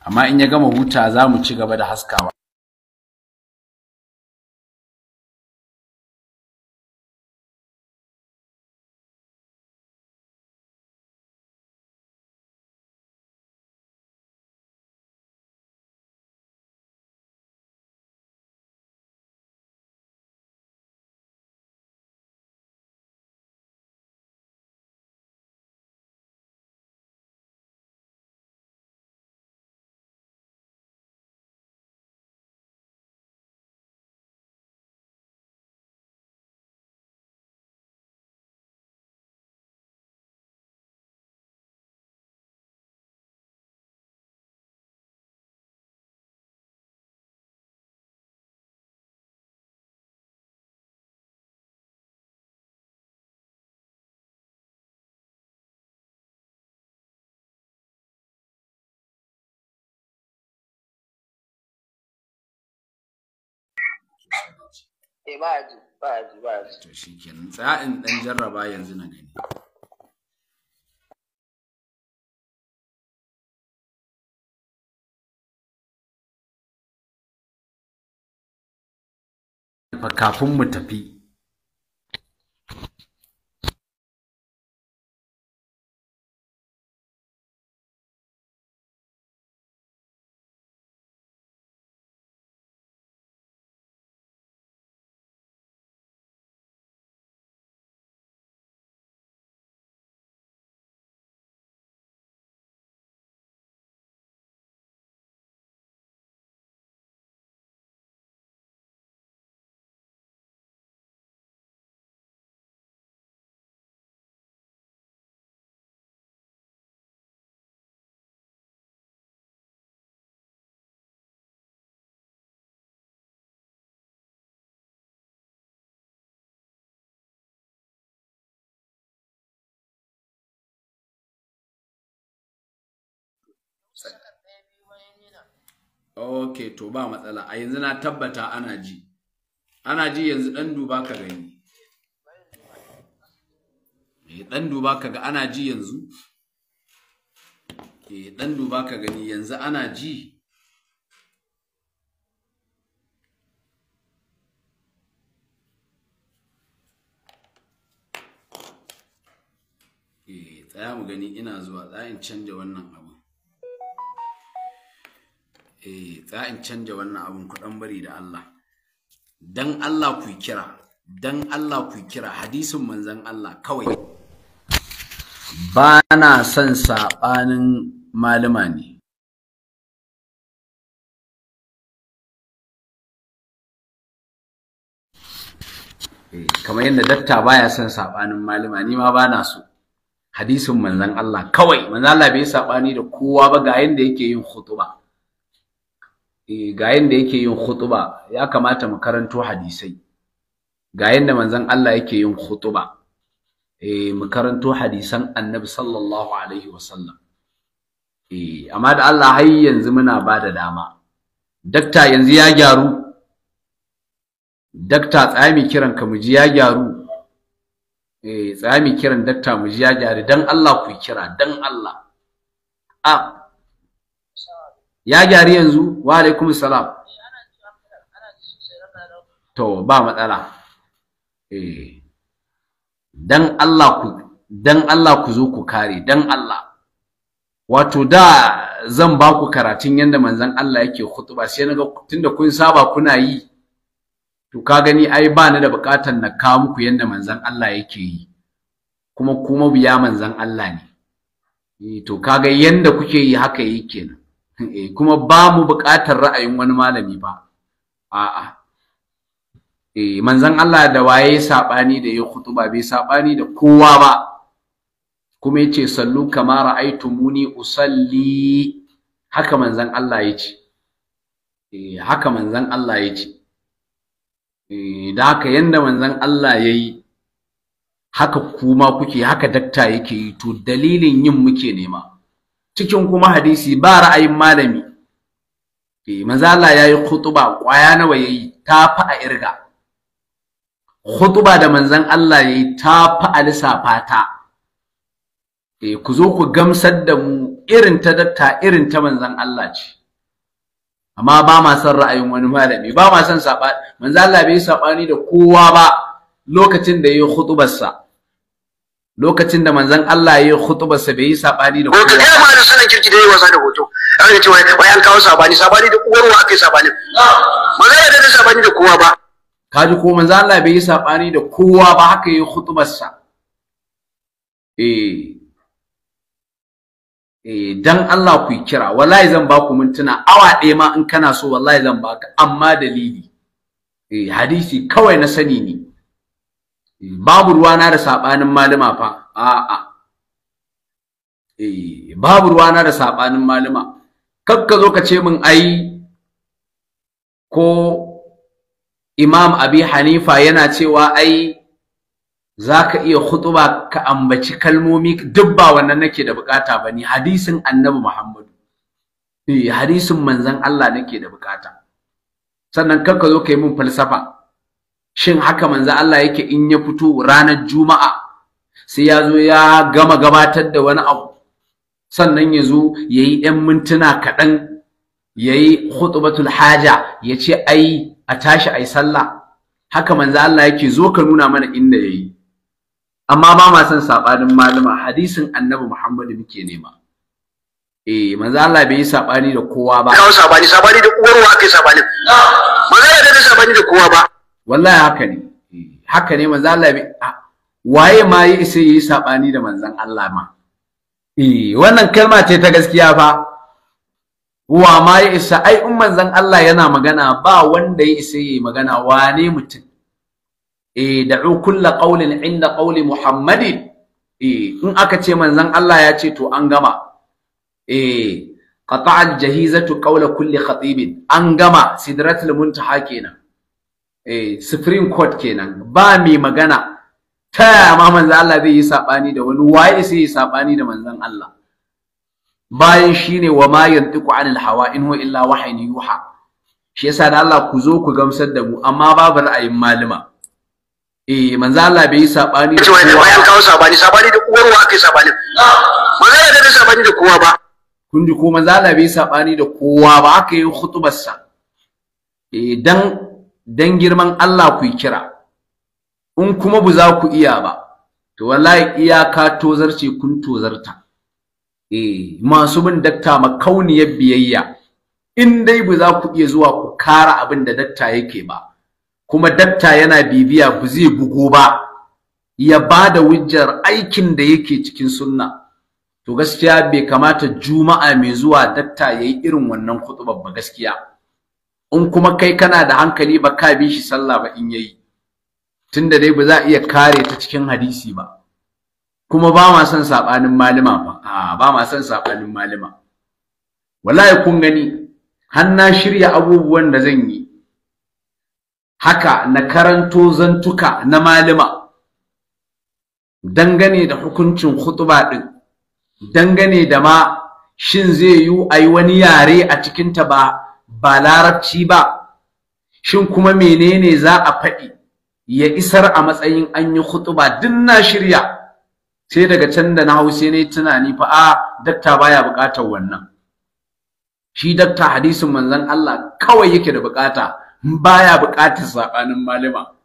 Amma in ya gama huta, za mu ci gaba da haskawa. e ba ji ba ji ba ji to shikenan tsaya in jarraba yanzu na gani kafin mu tafi Okay, to ba matsala a yanzu na tabbata ana ji ana ji yanzu dan duba ka gani eh dan duba ka ga ana ji yanzu eh dan duba ka gani yanzu ana ji eh tsaya mu gani ina zuwa tsayin canja wannan abu eh za in canja wannan abin kudan bari da Allah dan Allah ku kira dan Allah ku kira hadisin manzon Allah kawai ba na son saɓanin malama ne eh, kamar yadda datta baya son sabanin malama ni ma bana so hadisin manzon Allah kawai manzon Allah bai sabani da kowa ba ga yanda yake yin khutuba Eh, ga yanda yake yin khutuba ya kamata mu karanto hadisai ga yanda manzon Allah yake yin khutuba eh mu karanto hadisan annabi sallallahu alaihi wasallam eh amma da Allah har yanzu muna bada dama dakta yanzu ya gyaru dakta tsami kiran ka muji ya gyaru eh tsami kiran dakta muji ya gyaru dan Allah ku kira dan Allah a ah, ya gyari yanzu wa alaikum salam to ba matsala eh dan Allah ku dan Allah ku zo ku kare dan Allah wato da zan ba ku karatun yanda manzon Allah yake khutba sai naga tunda kun saba kuna yi to ka gani ai ba ni da bukatan na kawo muku yanda manzon Allah yake yi kuma kuma biya manzon Allah ne eh, to kaga yanda kuke yi haka yake kenan Eh, kuma ba mu buƙatar ra'ayin wani malami ba a'a eh manzon Allah da waye saɓani da ya khutuba bai saɓani da kowa ba kuma yace sallu kama ra'aytumuni usalli haka manzon Allah yace eh haka manzon Allah yace eh da haka yanda manzon Allah yayi haka kuma kuke haka dakta yake yi to dalilin yin muke nema cikin kuma hadisi ba ra'ayin malami eh, manzala ya yi khutuba ƙwaya nawa ya yi ta fi a irga khutuba da manzan Allah ya yi ta fi a lissafa ta eh, ku zo ku gamsar da mu irin ta datta irin ta manzan Allah ce amma ba ma son ra'ayin wani malami ba ma son saɓani manzan Allah bai saɓani da kowa ba lokacin da ya yi khutubarsa lokacin da manzon Allah ya yi khutubar sa bai yi sabani da kowa hoto ɗaya ma sunan kirki da yi wasa da hoto an ga cewa wai an kawo sabani sabani da uwarwa aka yi sabani ba za ya da sabani da kowa ba kaji ko manzon Allah bai yi sabani da kowa ba haka yi khutubar sa eh eh dan Allah ku kira wallahi zan ba ku mintuna awa ɗaya ma in kana so wallahi zan baka amma dalili eh hadisi kawai na sani ne babu ruwana da sabanin malama fa a'a eh babu ruwana da sabanin malama kar ka zo ka ce min ai ko Imam Abi Hanifa yana cewa ai zaka iya khutuba ka ambaci kalmomi duk ba wannan nake da bukata ba ni hadisin Annabi Muhammadu eh hadisin manzon Allah nake da bukata sannan kar ka zo ka yi min falsafa shin haka manzo Allah yake in ya fito ranar juma'a sai ya zo ya gama gabatar da wani abu sannan ya zo ya yi ‘yan mintuna kaɗan ya yi hutubatul haja ya ce ai a tashi ai sallah haka manzo Allah yake zo ka nuna mana inda ya yi amma ba ma son saɓanin malama hadisin annabi muhammadu muke nema eh manzo Allah bai yi saɓani da kowa ba kawo saɓani saɓani da uwarwa ake saɓani manzo Allah bai yi saɓani da kowa ba wallahi haka ne haka ne manzo Allah waye ma yi isa yi sabani da manzon Allah ma eh wannan kalma ce ta gaskiya fa wa ma yi isa ai in manzon Allah yana magana ba wanda ya isa yi magana wane mutum eh da'u kullu qawlin inda qawli muhammadin eh in aka ce manzon Allah ya ce to an gama eh qata'a al-jahizatu qawla kulli khatibin an gama sidratul muntaha kenan Eh, supreme court kenan ba mai magana ta yaya ma manzon Allah zai yi sabani da wani waye sai yi sabani da manzon Allah bayan shine wa ma yantiqu anil hawa in huwa illa wahyin yuha shi yasa da Allah ku zo ku gamsar da mu amma babu ra'ayin malama eh manzo Allah bai yi sabani da kowa ba an kawo sabani sabani da uwar wa kai sabani zai Allah bai sabani da kowa ba kun ji ko manzo Allah bai yi sabani da kowa ba aka yi khutubar eh dan dan girman Allah ku kira in kuma bu za ku iya ba to wallahi iyaka tozarce kun tozarta eh masu bin dakta makauniyar biyayya in dai bu za ku iya zuwa ku kara abin da dakta yake ba kuma dakta yana bibiya bu zai bugo ba ya bada wujjar aikin da yake cikin sunna to gaskiya bai kamata juma'a mai zuwa dakta yayi irin wannan kutubar ba gaskiya in kuma kai kana da hankali ba ka bi shi sallah ba in yayi tunda dai ba za a iya kare ta cikin hadisi ba kuma ba ma son sabanin malima ba ba ma son sabanin malima wallahi kun gani har na shirya abubuwan da zan yi haka na karanto zantuka na malima dangane da hukuncin khutuba din dangane da ma shin zai yi ayi wani yare a cikin ta ba ba larabci ba shin kuma menene za a faɗi ya isar a matsayin an yi khutuba duk na shirya sai daga can da na hausa ne tunani fa a ah, dakta baya buƙatar wannan shi dakta hadisin manzon Allah kawai yake da buƙata baya buƙatar sabanin malama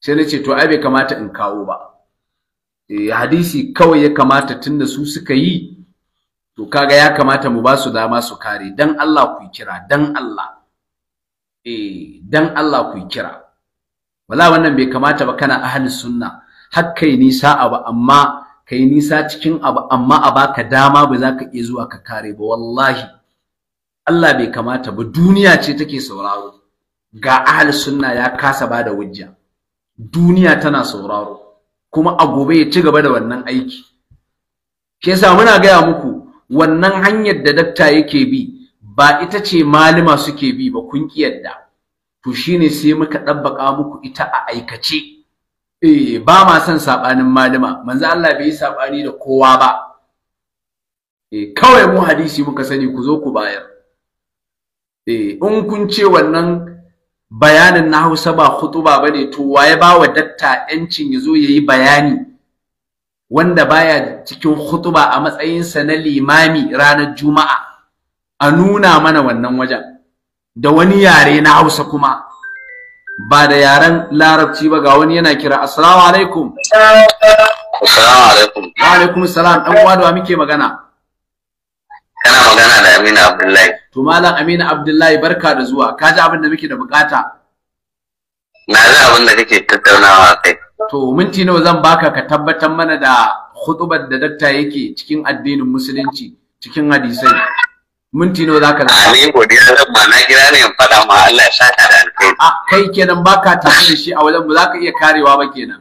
sai na ce to ai bai kamata in kawo ba eh, hadisi kawai ya kamata tunda su suka yi to kaga ya kamata mu ba su dama su kare dan Allah ku kira dan Allah eh dan Allah ku kira wala wannan bai kamata ba kana ahli sunna har kai nisa abu amma kai nisa cikin abu amma a baka dama ba za ka iya zuwa ka kare ba wallahi Allah bai kamata ba duniya ce take sauraro ga ahli sunna ya kasa ba da wujja duniya tana sauraro kuma a gobe ya ci gaba da wannan aiki ke sa muna gaya muku wannan hanyar da dakta yake bi ba ita ce malima suke bi ba kun kiyarda to shine sai muka dabbaka muku ita a aikace eh ba ma son sabanin malima manzo Allah bai yi sabani da kowa ba eh kawai mu hadisi muka sani ku zo ku bayar eh in kun ce wannan bayanin na Hausa ba khutuba bane to waye ba wa dakta yancin yazo yayi bayani wanda baya cikin hutuba a matsayinsa na limami ranar juma'a a nuna mana wannan wajen da wani yare na hausa kuma ba da yaren larabci ba ga wani yana kira assalamu alaikum assalamu alaikum wa alaikum salam dan uwa da muke magana kana magana da Aminu Abdullahi to malam Aminu Abdullahi barka da zuwa ka ji abin da muke da bukata na ji abin da kake tattaunawa kai to minti nawa zan baka ka tabbatar mana da khutubar da dakta yake cikin addinin musulunci cikin hadisai minti nawa zaka zama ni godiya zan ma na kira ne in fada ma Allah ya saka da alheri a kai kenan baka tafi da shi a wajen za zaka iya karewa ba kenan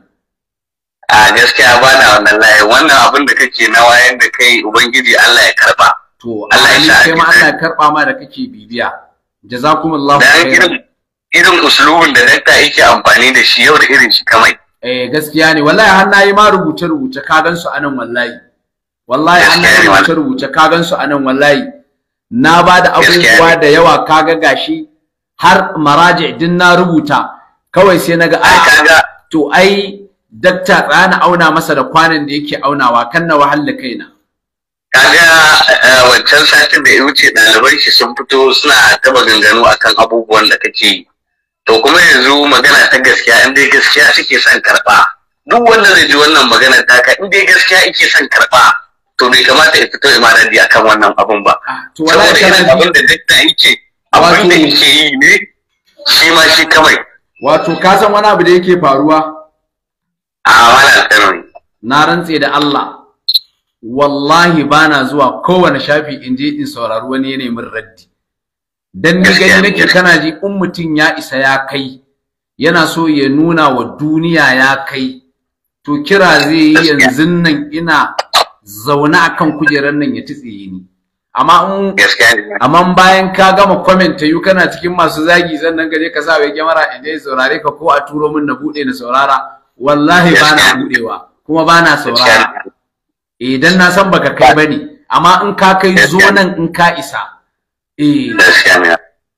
a gaskiya ba na wannan lai wannan abin da kake na wayan da kai ubangiji Allah ya karba to Allah ya saka kai ma Allah ya karba ma da kake bibiya jazakumullahu khairan irin uslubin da dakta yake amfani da shi yau da irin shi kamai eh gaskiya ne wallahi har nayi ma rubuce rubuce ka gan anan wallahi wallahi an nayi rubuce rubuce ka gan anan wallahi na ba da abubuwa da yawa kaga gashi har maraji din na rubuta kawai sai naga a ah, to ai dakta tsana auna masa da kwanan da yake aunawa kan na wahalla kaina kaga eh, wancan satin da ya wuce ɗaliban shi sun fito suna ta maganganu akan abubuwan da kake yi to kuma yanzu magana ta gaskiya in dai gaskiya suke son karɓa duk wanda zai ji wannan magana taka in dai gaskiya ike son karɓa to bai kamata ya fito imaradi akan wannan abun ba ah, saboda irin abin da da yake abin da yake yi ne shi ma shi kawai wato ka san wani abu da yake faruwa a wala tsanani na rantse da Allah wallahi bana zuwa kowane shafi in je in saurari wani yanayin raddi dan ni gani nake kana ji in mutum ya isa ya kai yana so ya nuna wa duniya ya kai to kira zai yi yanzu nan ina zaune akan kujerar nan ya titse ni amma in amma bayan ka gama comment yu kana cikin masu zagi zan nan je ka sa wai kyamara in eh, dai saurare ka ko a turo min na bude na saurara wallahi bana budewa kuma bana saurara idan eh, na san baka kai bane amma in ka kai zo nan in ka isa eh gaskiya ne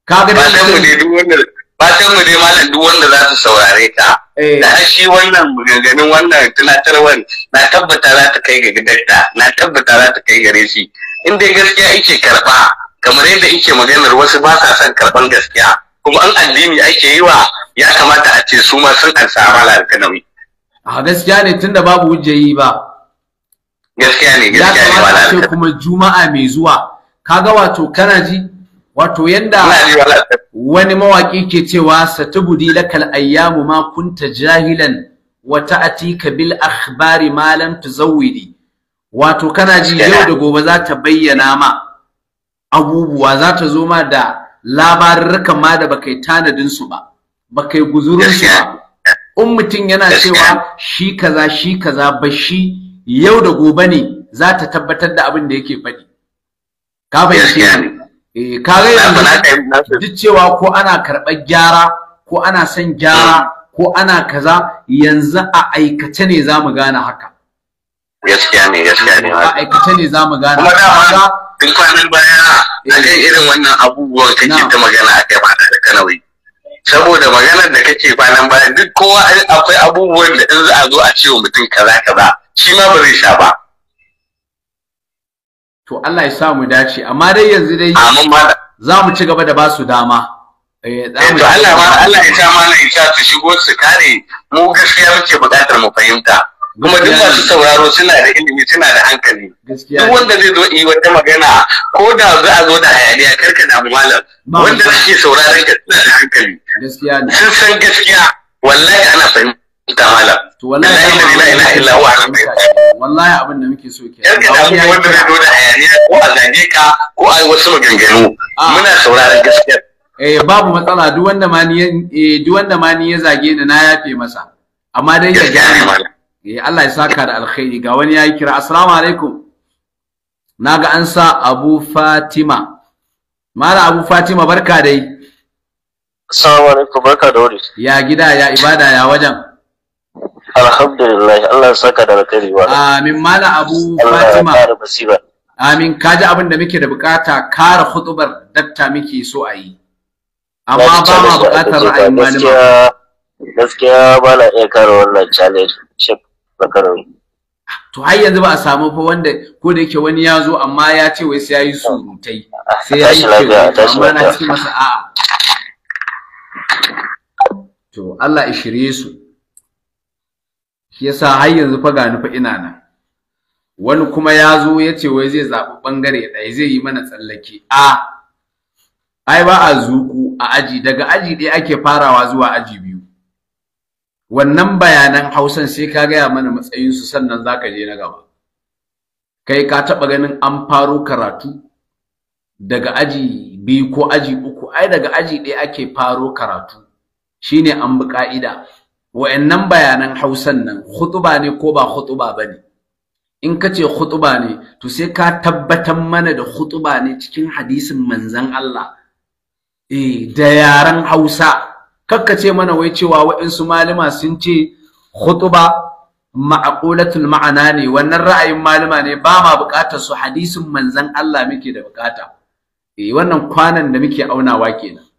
ka ga fatan mu ne duk wanda fatan mu malam duk wanda za su saurare ta eh. da shi wannan maganganun wannan tunatarwar na tabbata za ta kai ga gidanka na tabbata za ta kai gare shi in dai gaskiya ike karba kamar yadda ike maganar wasu ba sa son karban gaskiya kuma an addini ake yi wa ya kamata a ce su ma sun ansa amala da nauyi a gaskiya ne tunda babu yi ba gaskiya ne gaskiya ne ya kamata a ce kuma juma'a mai zuwa kaga wato kana ji wato yanda wani mawaki ke cewa satubudi lakal ayyamu ma kunta jahilan wa ta'tika bil akhbari ma lam tuzawwidi wato kana ji yau da gobe za ta bayyana ma abubuwa za ta zo ma da labarurka ma da bakai tanadin su ba bakai yi su ba in mutum yana cewa shi kaza shi kaza ba yau da gobe ne za ta tabbatar da abin da yake faɗi ka ni eh, ka ga yanzu duk cewa ko ana karɓar gyara ko ana son gyara ko ana kaza yanzu a aikace ne za mu gane haka gaskiya ne gaskiya ne a aikace ne za mu gane haka kwanan baya a kan eh. irin wannan abubuwan kake ta magana a kai ba da kanawi saboda maganar da kake kwanan baya duk kowa akwai abubuwan da in za a zo a ce wa mutum kaza kaza shi ma ba zai sha ba to Allah ya sa mu dace amma dai yanzu dai za mu ci gaba da ba su dama eh, eh to Allah ma Allah ya sa mana isa su shigo su kare mu gaskiya muke buƙatar mu fahimta kuma duk masu sauraro suna da ilimi suna da hankali duk wanda zai zo yi wata magana ko da za a zo da hayaniya karka damu malam wanda suke sauraron ka suna da hankali sun san gaskiya wallahi ana fahimta ta'ala to wallahi la ilaha illa huwa wallahi abin da muke so ke yanka da abin wanda zai zo hayaniya ko a zage ka ko a wasu maganganu ah. muna sauraron gaskiya eh babu matsala duk wanda ma ni eh duk wanda ma ni ya zage ni na yafe masa amma dai ya gane eh Allah ya saka da alkhairi ga wani yayi kira assalamu alaikum naga an sa Abu Fatima Mala Abu Fatima barka dai Assalamu alaikum barka da wuri Ya gida ya ibada ya wajen alhamdulillah Allah saka da alkhairi wa amin mala abu fatima amin kaji abin da muke da bukata kare hutubar datta muke so ayi. amma ba ma bukatar ra'ayin malama gaskiya ba na iya kare wannan challenge na karami. to har yanzu ba a samu fa wanda ko da yake wani ya zo amma ya ce wai sai ya yi surutai sai ya yi amma na ce masa a'a to Allah ya shirye su shi yasa har yanzu fa ga fa ina nan wani kuma ya zo ya ce wai zai zaɓi ɓangare ɗaya zai yi mana tsallake a ai ba a zuku a aji daga aji ɗaya ake farawa zuwa aji biyu wannan bayanan hausan sai ka gaya mana matsayinsu sannan za ka je na gaba kai ka taɓa ganin an faro karatu daga aji biyu ko aji uku ai daga aji ɗaya ake faro karatu shine an bi ƙa'ida wa'annan bayanan hausan nan khutuba ne ko ba khutuba ba ne in ka ce khutuba ne to sai ka tabbatar mana da khutuba ne cikin hadisin manzan Allah eh da yaran hausa kakka ce mana wai cewa wa'insu malama sun ce khutuba ma'aqulatul ma'ana ne wannan ra'ayin malama ne ba ma bukatar su hadisin manzan Allah muke da bukata eh wannan kwanan da muke aunawa kenan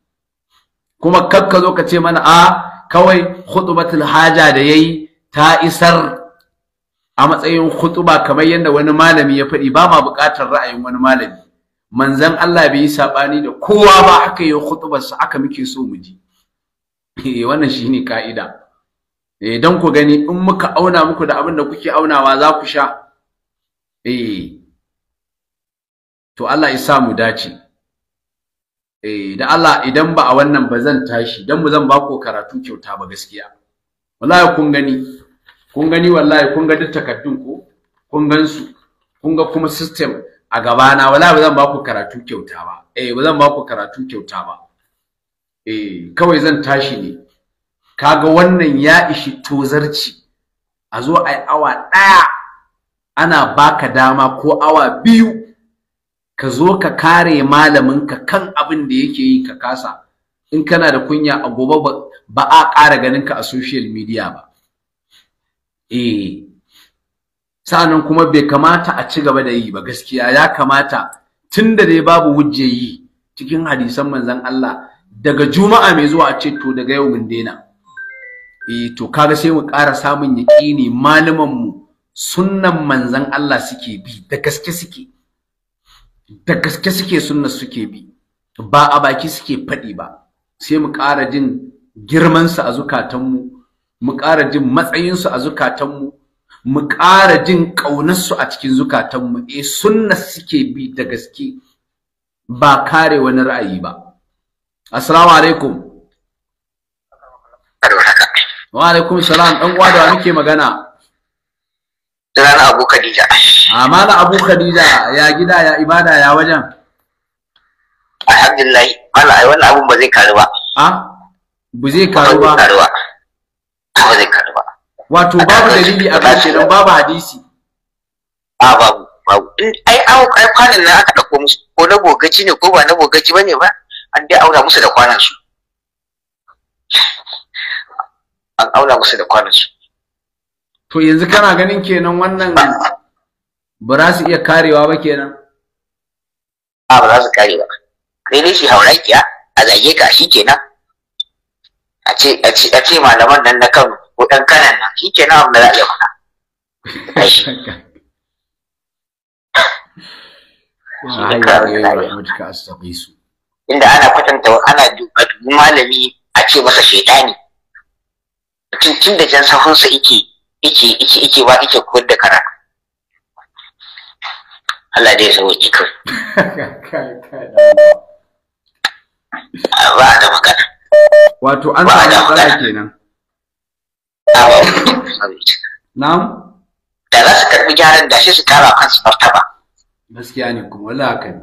kuma kakka zo ka ce mana a ah, kawai khutbatul haja da yayi ta isar a matsayin khutba kamar yadda wani malami ya faɗi ba ma buƙatar ra'ayin wani malami manzon Allah bai yi sabani da kowa ba aka yi khutbar sa aka muke so mu ji eh wannan shine ka'ida eh dan ku gani in muka auna muku da abin da kuke aunawa za ku sha eh to Allah ya sa mu dace eh da Allah idan ba a wannan ba zan tashi dan ba zan ba ku karatu kyauta ba gaskiya wallahi kun gani kun gani wallahi kun ga duk takaddun ku kun gansu kun ga kuma system a gaba na wallahi ba zan ba ku karatu kyauta ba eh ba zan ba ku karatu kyauta ba eh kawai zan tashi ne kaga wannan ya ishi tozarci a zo ai awa daya ana baka dama ko awa biyu ka zo ka kare malamin ka kan abin da yake yi ka kasa in kana da kunya a gobe ba a ƙara ganin ka a social media ba eh sa'annan kuma bai kamata a ci gaba da yi ba gaskiya ya kamata tun da dai babu yi cikin hadisan manzon Allah daga juma'a mai zuwa a ce to daga yau mun daina eh to kaga sai mu ƙara samun yaƙini malaman mu sunnan manzon Allah suke bi da gaske suke da gaske suke sunna suke bi ba a baki suke faɗi ba sai mu ƙara jin girmansu a zukatanmu mu ƙara jin matsayinsu a zukatanmu mu ƙara jin ƙaunarsu a cikin zukatanmu e sunna suke bi da gaske ba kare wani ra'ayi ba assalamu alaikum wa alaikum salam dan uwa da muke magana sunana abu khadija Amala ah, Abu Khadija ya gida ya ibada ya wajen. Alhamdulillah, mala ai wannan abun ba zai karu ba. ha Ba zai karu ba. Ba zai karu ba. Wato babu dalili a kan dan babu hadisi. A babu babu. Ai au ai kwanan nan aka dauko musu ko na gogaci ne ko ba na gogaci bane ba an dai aura musu da kwanan su. An aura musu da kwanan su. To yanzu kana ganin kenan wannan ba za su iya karewa ba kenan a ba za su kare ba kai ne shi haurakiya a zage ka shi kenan a ce malaman nan na kan ko dan kanan nan shi kenan abin da za a iya faɗa [laughs] inda ana kwatanta ana dubu malami a ce masa shaidani tun da jan sahunsa ike ike ike ike ba ike koyar da karatu Allah dai ya sauki kawai ba da magana wato an samu matsala kenan na'am da za su karbi gyaran da shi su kara su martaba gaskiya ne kuma wala haka ne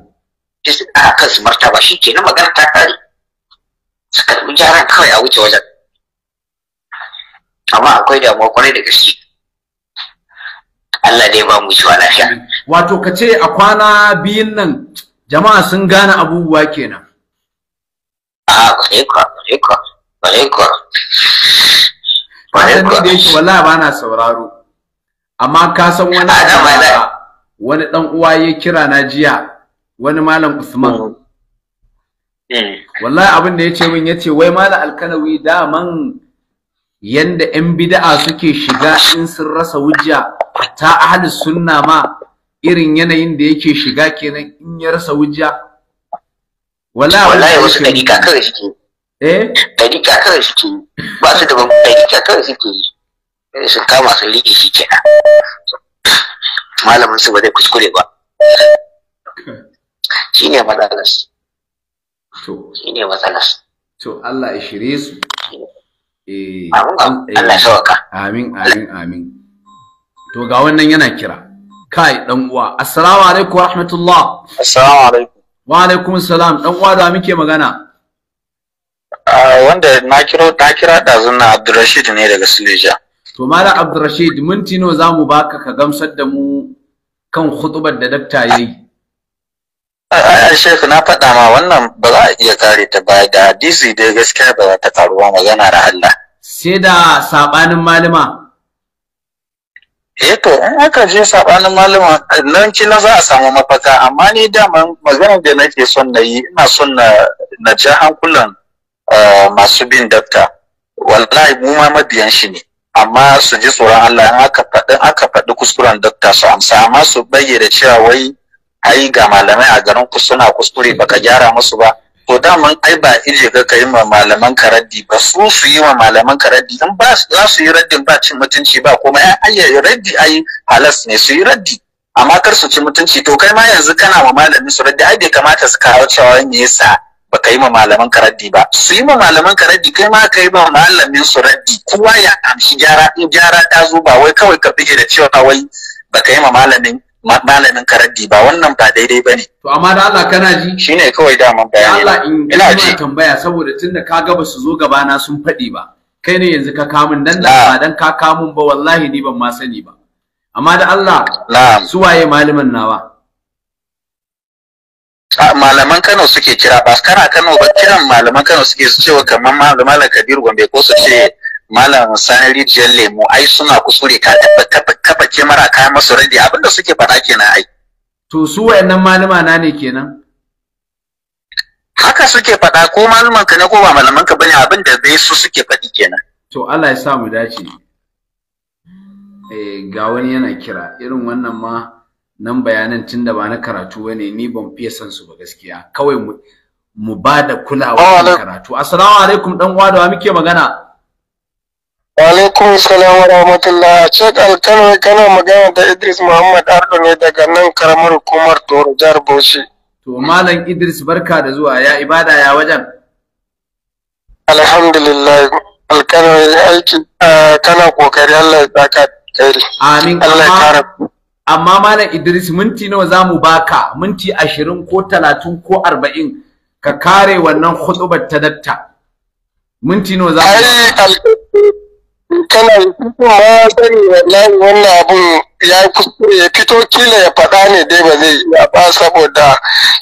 shi su kara su martaba shi kenan magana ta kare su karbi gyaran kawai a wuce wajen amma akwai damuwa kwarai da gaske Allah dai ba mu zuwa lafiya wato ka ce a kwana biyun nan jama'a sun gane abubuwa kenan a ah, kwarai kwa kwarai kwa ne kwa kwarai kwa wallahi ba na sauraro amma ka san wani ah, wani dan uwa ya kira na jiya wani malam Usman hmm. Hmm. wallahi abin da ya ce min ya ce wai malam alkanawi man yanda ƴan bid'a suke shiga in sun rasa wujja hatta ahli sunna ma irin yanayin da yake shiga kenan in ya rasa wujja wala wallahi wasu dariƙa kawai suke eh dariƙa kawai suke ba su da dariƙa kawai suke yi eh, sun kama sun riƙe shi kenan malamin su ba zai kuskure ba Shi ne matsalar to ne matsalar to Allah ya shirye su Eh, eh, amin, amin, amin. To ga wannan yana kira. Kai dan uwa, assalamu alaikum wa rahmatullah. Assalamu alaikum. Wa alaikum salam, dan uwa da muke magana. Ah, wanda na kiro ta kira da zunna Abdurrashid ne daga Suleja. To mala Abdurrashid mun tino zamu baka ka gamsar da mu kan khutubar da dakta yayi? a shek na faɗa ma wannan ba za a iya kare ta ba da hadisi dai gaskiya ba za ta karuwa magana da Allah sai da saɓanin malama eh to in aka je saɓanin malama nan kila za a samu mafaka amma ni dama maganar da nake son na yi ina son na na ja hankulan eh, masu bin dakta wallahi mu ma mabiyan shi ne amma su ji tsoron Allah in aka faɗi aka faɗi kuskuren dakta su amsa amma su bayyana cewa wai ai ga malamai a garin ku suna kuskure baka gyara musu ba to daman ai ba ije ga kai ma malaman karaddi ba su su yi ma malaman karaddi in ba za su yi raddin ba cin mutunci ba kuma ai ai raddi ai halas ne su yi raddi amma kar su ci mutunci to kai ma yanzu kana ma malamin su raddi ai bai kamata su kawo cewa me yasa ba ka yi ma malaman karaddi ba su yi ma malaman karaddi kai ma ka yi ma malamin su raddi kowa ya amshi gyara in gyara ta zo ba wai kawai ka fije da cewa wai ba ka ma malamin malamin karaddi ba wannan ba daidai ba ne. To amma da Allah kana ji? Shi ne kawai daman bayani. Allah in ina ji. tambaya saboda tun da ka ga su zo gaba na sun faɗi ba. Kai ne yanzu ka kamun dan da ba dan ka kamun ba wallahi ni ban ma sani ba. Amma da Allah su waye malamin nawa? malaman Kano suke kira ba kana Kano ba kiran malaman Kano suke su cewa kamar malam Kabiru Gombe ko su ce malam sani rijiyar lemo, ai suna kusure ka kafa mara kayan masu radi abinda suke faɗa kenan ai to su wayannan malama na ne kenan haka suke faɗa ko malaman ka ne ko ba malaman ka bane abinda dai su suke faɗi kenan to Allah ya sa mu dace eh ga wani yana kira irin wannan ma nan bayanan tunda ba na karatu bane ni ban fiye san su ba gaskiya kawai mu mu ba da kulawa oh, karatu assalamu alaikum dan uwa da muke magana Alaikum salam wa rahmatullah. Sheikh Alkano kana magana da Idris Muhammad Ardo ne daga nan karamar hukumar Toro jihar Bauchi. To Malam Idris barka da zuwa ya ibada ya wajen. Alhamdulillah Alkano aiki kana kokari Allah ya saka kairi. Amin. Allah ya kare. Amma Malam Idris minti nawa zamu baka? Minti ashirin ko talatin ko arba'in ka kare wannan hutubar ta datta. Minti nawa zamu baka? kana kuma ya sani wallahi wannan abun ya kuskure ya fito kila ya faɗa ne dai ba zai iya ba saboda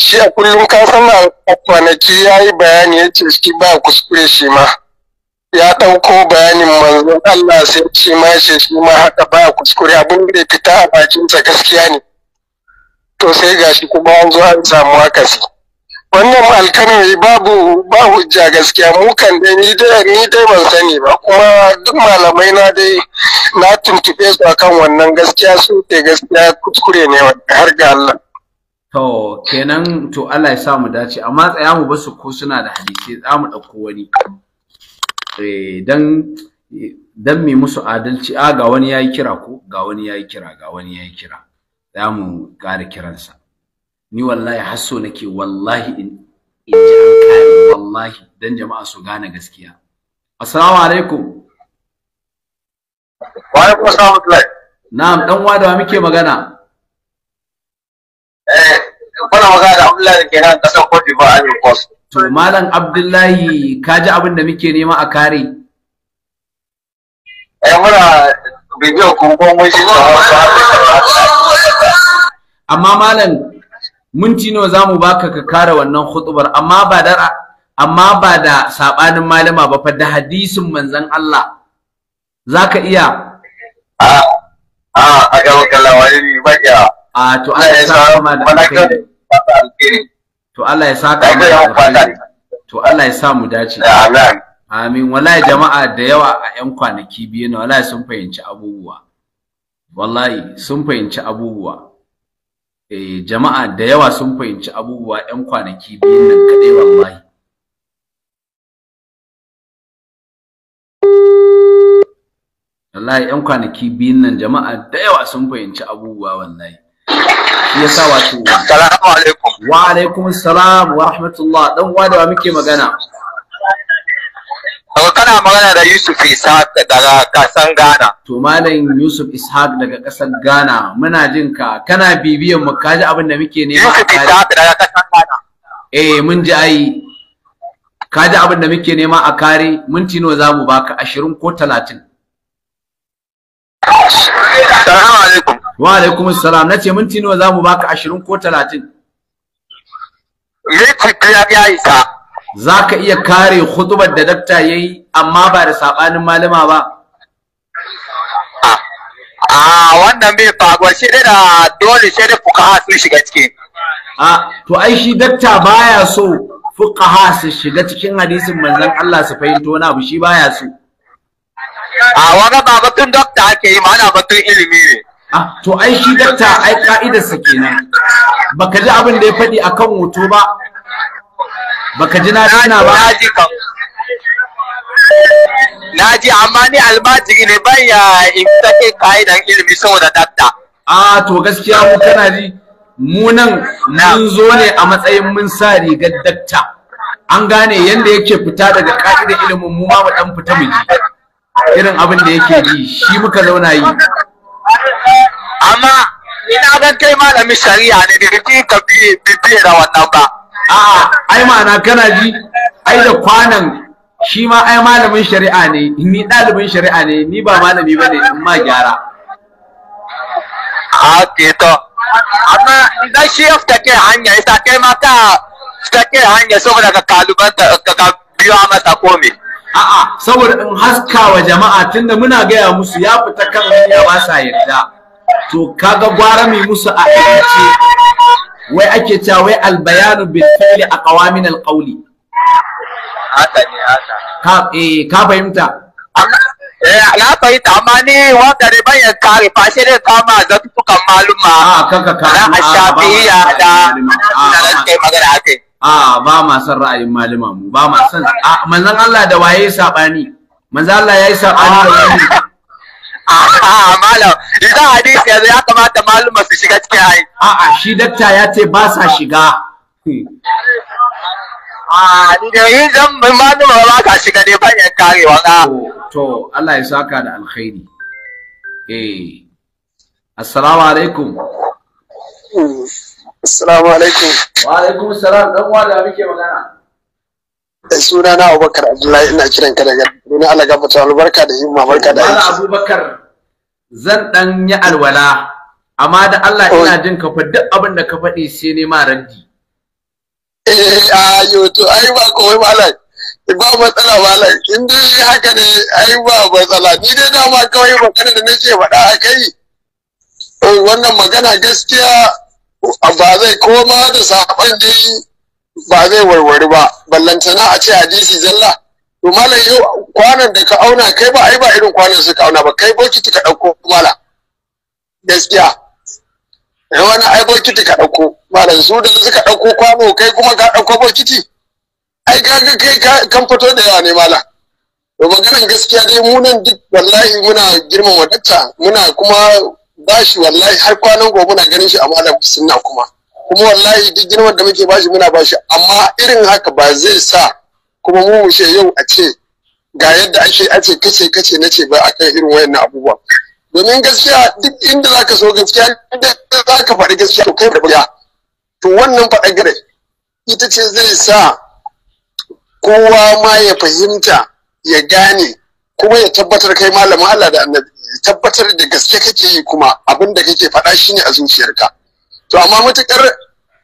shi a kullum ka san a kwanaki ya yi bayani ya ce shi ba kuskure shi ma ya ɗauko bayanin manzon Allah sai shi ma shi shi ma haka ba kuskure abin da ya fita a bakinsa gaskiya ne to sai gashi kuma an zo an samu akasi. wannan alkalin babu ba hujja gaskiya mukan kan dai ni dai ni dai ban sani ba kuma duk malamai na dai na tuntube su akan wannan gaskiya su ke gaskiya kuskure ne har ga Allah to kenan to Allah ya sa mu dace amma tsaya mu su ko suna da hadisi za mu dauko wani eh dan dan mai musu adalci a ah, ga wani yayi kira ko ga wani yayi kira ga wani yayi kira za mu ƙara kiransa ni wallahi hasso nake wallahi in in ji an kare wallahi dan jama'a su gane gaskiya assalamu alaikum wa alaikum assalam na'am dan uwa da muke magana eh kuna magana da Abdullahi da ke nan kasar Cote d'Ivoire a Coast to malam Abdullahi ka ji abin da muke nema a kare eh muna bibiyar kuma mun shi amma malam minti nawa mu baka ka kare wannan khutubar amma ba da amma ba da sabanin malama ba fa da hadisin manzon Allah zaka iya a a a ga wallahi wani ba ya a to Allah ya saka ma da to Allah ya saka ma da to Allah ya sa mu dace amin amin wallahi jama'a da yawa a yan kwanaki biyu ne wallahi sun fahimci abubuwa wallahi sun fahimci abubuwa eh, jama'a da yawa sun fahimci abubuwa 'yan kwanaki biyun nan kaɗai wallahi wallahi 'yan kwanaki biyun nan jama'a da yawa sun fahimci abubuwa wallahi shi ya sa wato wa alaikum salam wa rahmatullah Ɗan wa da muke magana kana magana da Yusuf Ishaq daga kasan Ghana. To Malam Yusuf Ishaq daga kasan Ghana muna jin ka kana bibiyan mu ka ji abin da muke nema. Yusuf Ishaq daga kasan Ghana. Eh mun ji ai ka ji abin da muke nema a kare minti nawa zamu baka ashirin ko talatin. Salamu alaikum. Wa alaikum salam na ce minti nawa zamu baka ashirin ko talatin. Minti biyar ya isa. za ka iya kare hutubar da dakta ya yi amma ba da saɓanin malama ba a wannan bai faruwa shi dai da dole sai da fuqaha su shiga ciki a to ai shi dakta baya so fuqaha su shiga cikin hadisin manzon Allah su fahimta wani abu shi baya so a wani ba batun dakta ake yi ma'ana batun ilimi ne Ah, to ai shi dakta ai ka'idarsa kenan baka ji abin da ya faɗi akan hoto ba baka ji na tuna ba na ji kam na ji amma ni almajiri ne ban ya in take dan ilimi saboda datta a to gaskiya mu kana ji mu nan mun zo ne a matsayin mun sa rigar dakta. an gane yanda yake fita daga ka'idar ilimin mu ma mu dan fita mu ji irin abin da yake yi shi muka zauna yi amma ina ga kai malamin shari'a ne da kake da wannan ba a'a ai ma'ana kana ji ai da kwanan shi ma ai malamin shari'a ne ni ɗalibin shari'a ne ni ba malami bane in ma gyara a ke to amma idan shi ya fita kai hanya isa kai ma ka fita kai hanya saboda ka kalubanta ka biyo masa komai a'a saboda in haska wa jama'a tunda muna gaya musu ya fita kan hanya ba sa yarda to kaga gwara mai musu a ce wai ake cewa wai albayanu bil fi'li aqwamin al qawli haka ne haka ka eh ka fahimta eh na fahimta amma ni wanda ne ban yanka alfa sai dai kama zantukan maluma a ah, kanka ka a shafiya da da kai magana akai ah, a ba ma son ra'ayin malama ah, mu ba ma manzon Allah da waye sabani manzon Allah yayi sabani da [laughs] A'a malam, idan hadisi yanzu ya kamata maluma su shiga cikin ai. A'a shi dakta ya ce ba sa shiga. A yin zan maluma ba ka shiga ne ban yan karewa ka. To Allah ya saka da alkhairi. Eh. Assalamu alaikum. Assalamu alaikum. Wa alaikum salam dan uwa da muke magana. Da eh, sunana Abubakar Abdullahi ina kiran ka daga Suna Allah mutum albarka da himma barka da aiki. Abubakar zan dan yi alwala amma da Allah ina jin ka duk abin da ka faɗi sai ne ma raddi. Eh ayo to ai ba komai malam. Ba matsala malam in dai haka ne ai ba matsala ni dai ma kawai magana da nake faɗa a kai. Wannan magana gaskiya ba zai koma da saɓon dai ba zai warware ba ballantana a ce hadisi zalla. to malam yau kwanan da ka auna kai ba ai ba irin kwanan su ka auna ba kai bokiti ka ɗauko malam gaskiya eh wani ai bokiti ka ɗauko malam su da suka ɗauko kwano kai kuma ka ɗauko bokiti ai ka ga kai kan fito da yawa ne malam to maganan gaskiya dai mu nan duk wallahi muna girmama dakta muna kuma bashi wallahi har kwanan gobe muna ganin shi a malam sunna kuma kuma wallahi duk girman da muke bashi muna bashi amma irin haka ba zai sa kuma mu mu yau a ce ga yadda ake ace kace kace na ce ba a kan irin wayannan abubuwa domin gaskiya duk inda za ka so gaskiya inda ka faɗi gaskiya to kai da baya to wannan faɗa gare ita ce zai sa kowa ma ya fahimta ya gane kuma ya tabbatar kai malamin Allah da annabi tabbatar da gaske kake yi kuma abin da kake faɗa shine a zuciyarka to amma matukar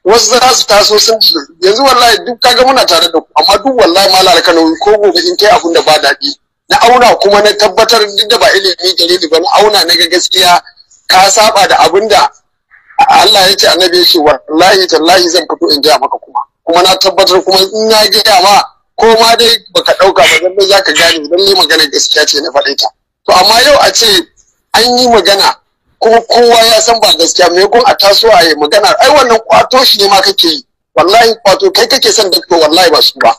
wasu za su taso sun yanzu wallahi duk kaga muna tare da ku amma duk wallahi malar kano ko gobe in kai abun da ba daɗi na auna kuma na tabbatar duk da ba ilimi dalili ba na auna na ga gaskiya ka saba da abin da Allah ya annabi ya ce wallahi tallahi zan fito in gaya maka kuma kuma na tabbatar kuma in na gaya ma ko ma dai baka ɗauka ba dan zaka gane dan ni magana gaskiya ce na faɗe to amma yau a ce an yi magana kuma kowa ya san ba gaskiya me kun a taso a yi magana ai wannan kwato shi ne ma kake yi wallahi kwato kai kake son dakto wallahi ba su ba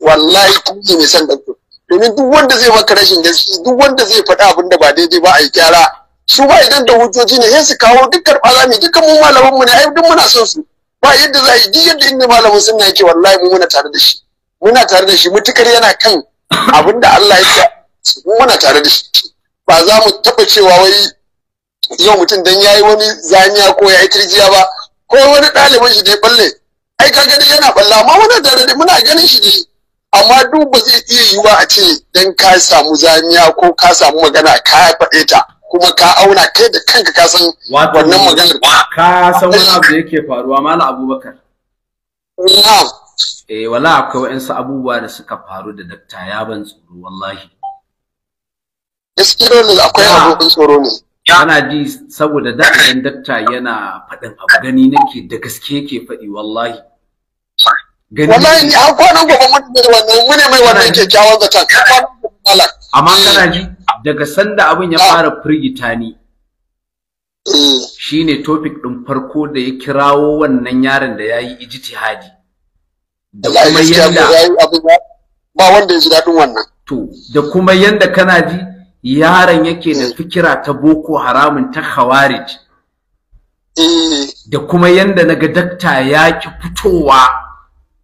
wallahi kun ne san son dakto domin duk wanda zai maka rashin gaskiya duk wanda zai faɗi abin da ba daidai ba a yi gyara su ba idan da hujjoji ne sai su kawo duk karɓa za mu dukkan mu malaman mu ne ai duk muna son su ba yadda za a yi duk yadda inda malamin sunna yake wallahi mu muna tare da shi muna tare da shi mutukar yana kan abin da Allah ya ce muna tare da shi ba za mu taɓa cewa wai yau mutum dan yayi wani zaniya ko yayi tirjiya ba ko wani ɗalibin shi da ya balle ai ka gani yana balla amma wani da muna ganin shi dai amma duk ba zai iya wa a ce dan ka samu zaniya ko ka samu magana ka faɗe ta kuma ka auna kai da kanka ka san wannan maganar ka san wani abu da yake faruwa mala abubakar na'am eh wala akwai wa'ansu abubuwa da suka faru da dakta ya ban tsoro wallahi gaskiya ne akwai abubuwan tsoro ne Kana ji saboda da idan dakta yana faɗin abu gani nake da gaske yake faɗi wallahi. wallahi ni an kwana gobe mun da wannan mun mai wannan kyakkyawan zata. amma kana ji daga sanda abin ya fara firgita ni eh. shine topic din farko da ya kirawo wannan yaron da yayi ijtihadi da kuma yanda ba wanda ya ji dadin wannan to da kuma yanda kana ji yaron yake da fikira ta boko haramun ta khawarij eh. da kuma yanda naga dakta ya ki fitowa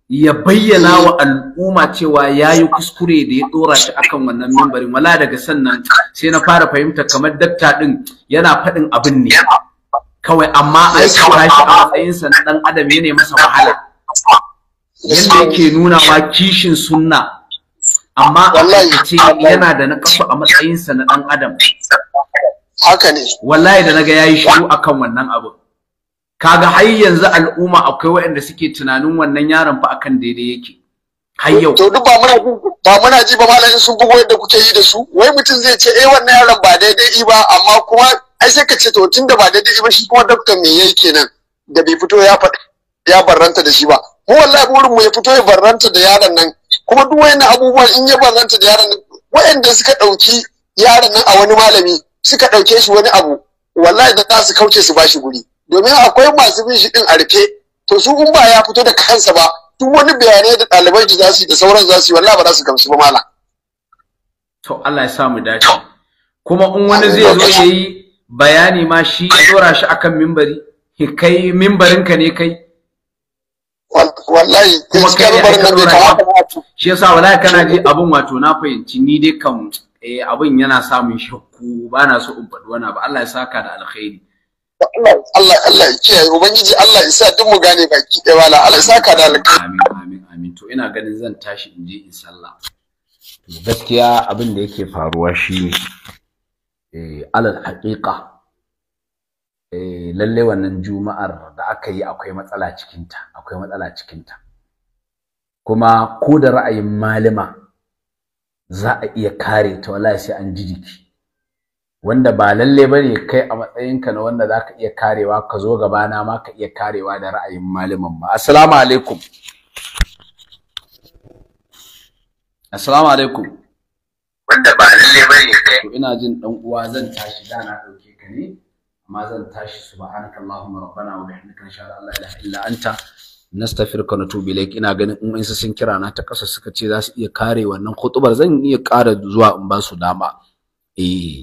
ya bayyana wa eh. al'umma cewa ya yi kuskure da ya dora shi akan wannan mimbarin wala daga sannan sai na fara fahimta kamar dakta din yana faɗin abin ne kawai amma kawai shi a matsayinsa na ɗan adam ya masa wahala yanda yake nuna ma kishin sunna amma wallahi ce yana da na kafa a matsayinsa na dan adam haka ne wallahi da naga yayi shiru akan wannan abu kaga har yanzu al'umma akwai waɗanda suke tunanin wannan yaron fa akan daidai yake har yau to duk ba muna ba muna ji ba malamin sun bugo yadda kuke yi da su wai mutum zai ce eh wannan yaron ba daidai ba amma kuma ai sai ka ce to tunda ba daidai ba shi kuma doctor me yayi kenan da bai fito ya faɗi ya barranta da shi ba mu wallahi burin mu ya fito ya barranta da yaron nan kuma duk wayannan abubuwan in ya bazanta da yaran wayanda suka ɗauki yaran nan a wani malami suka ɗauke shi wani abu wallahi da za su kauce su bashi guri domin akwai masu bin shi din a rufe to su in ba ya fito da kansa ba duk wani bayanai da ɗalibai ji za su da sauran za su yi wallahi ba za su gamsu ba mala. to Allah ya sa mu dace kuma in wani zai zo yayi bayani ma shi ya dora shi akan mimbari kai mimbarinka ne kai wallahi kuma kai ne ka rura shi yasa wallahi kana ji abin wato na fahimci ni dai kan eh abin yana samun shakku ba na so in faɗi wani ba Allah ya saka da alkhairi Allah Allah Allah ya kiyaye ubangiji Allah ya sa duk mu gane baki ɗaya wala Allah ya saka da alkhairi amin amin amin to ina ganin zan tashi in je in sallah gaskiya abin da yake faruwa shine eh alal haqiqa Eh, lalle wannan juma'ar da aka yi akwai matsala cikinta akwai matsala cikinta kuma ko da ra'ayin malama za a iya kare ta wallahi sai an ji jiki wanda ba lalle bane kai a matsayinka na wanda za ka iya karewa ka zo gaba na ma ka iya karewa da ra'ayin malaman ba assalamu alaikum assalamu alaikum wanda ba lalle bane kai ina jin dan uwa zan tashi da na dauke ka ne ma zan tashi subhanaka allahumma rabbana wa bihamdika insha Allah la ilaha illa anta nastaghfiruka wa natubu ilaik ina ganin in in sun kira na ta kasa suka ce za su iya kare wannan kutubar. zan iya ƙara zuwa in ba su dama eh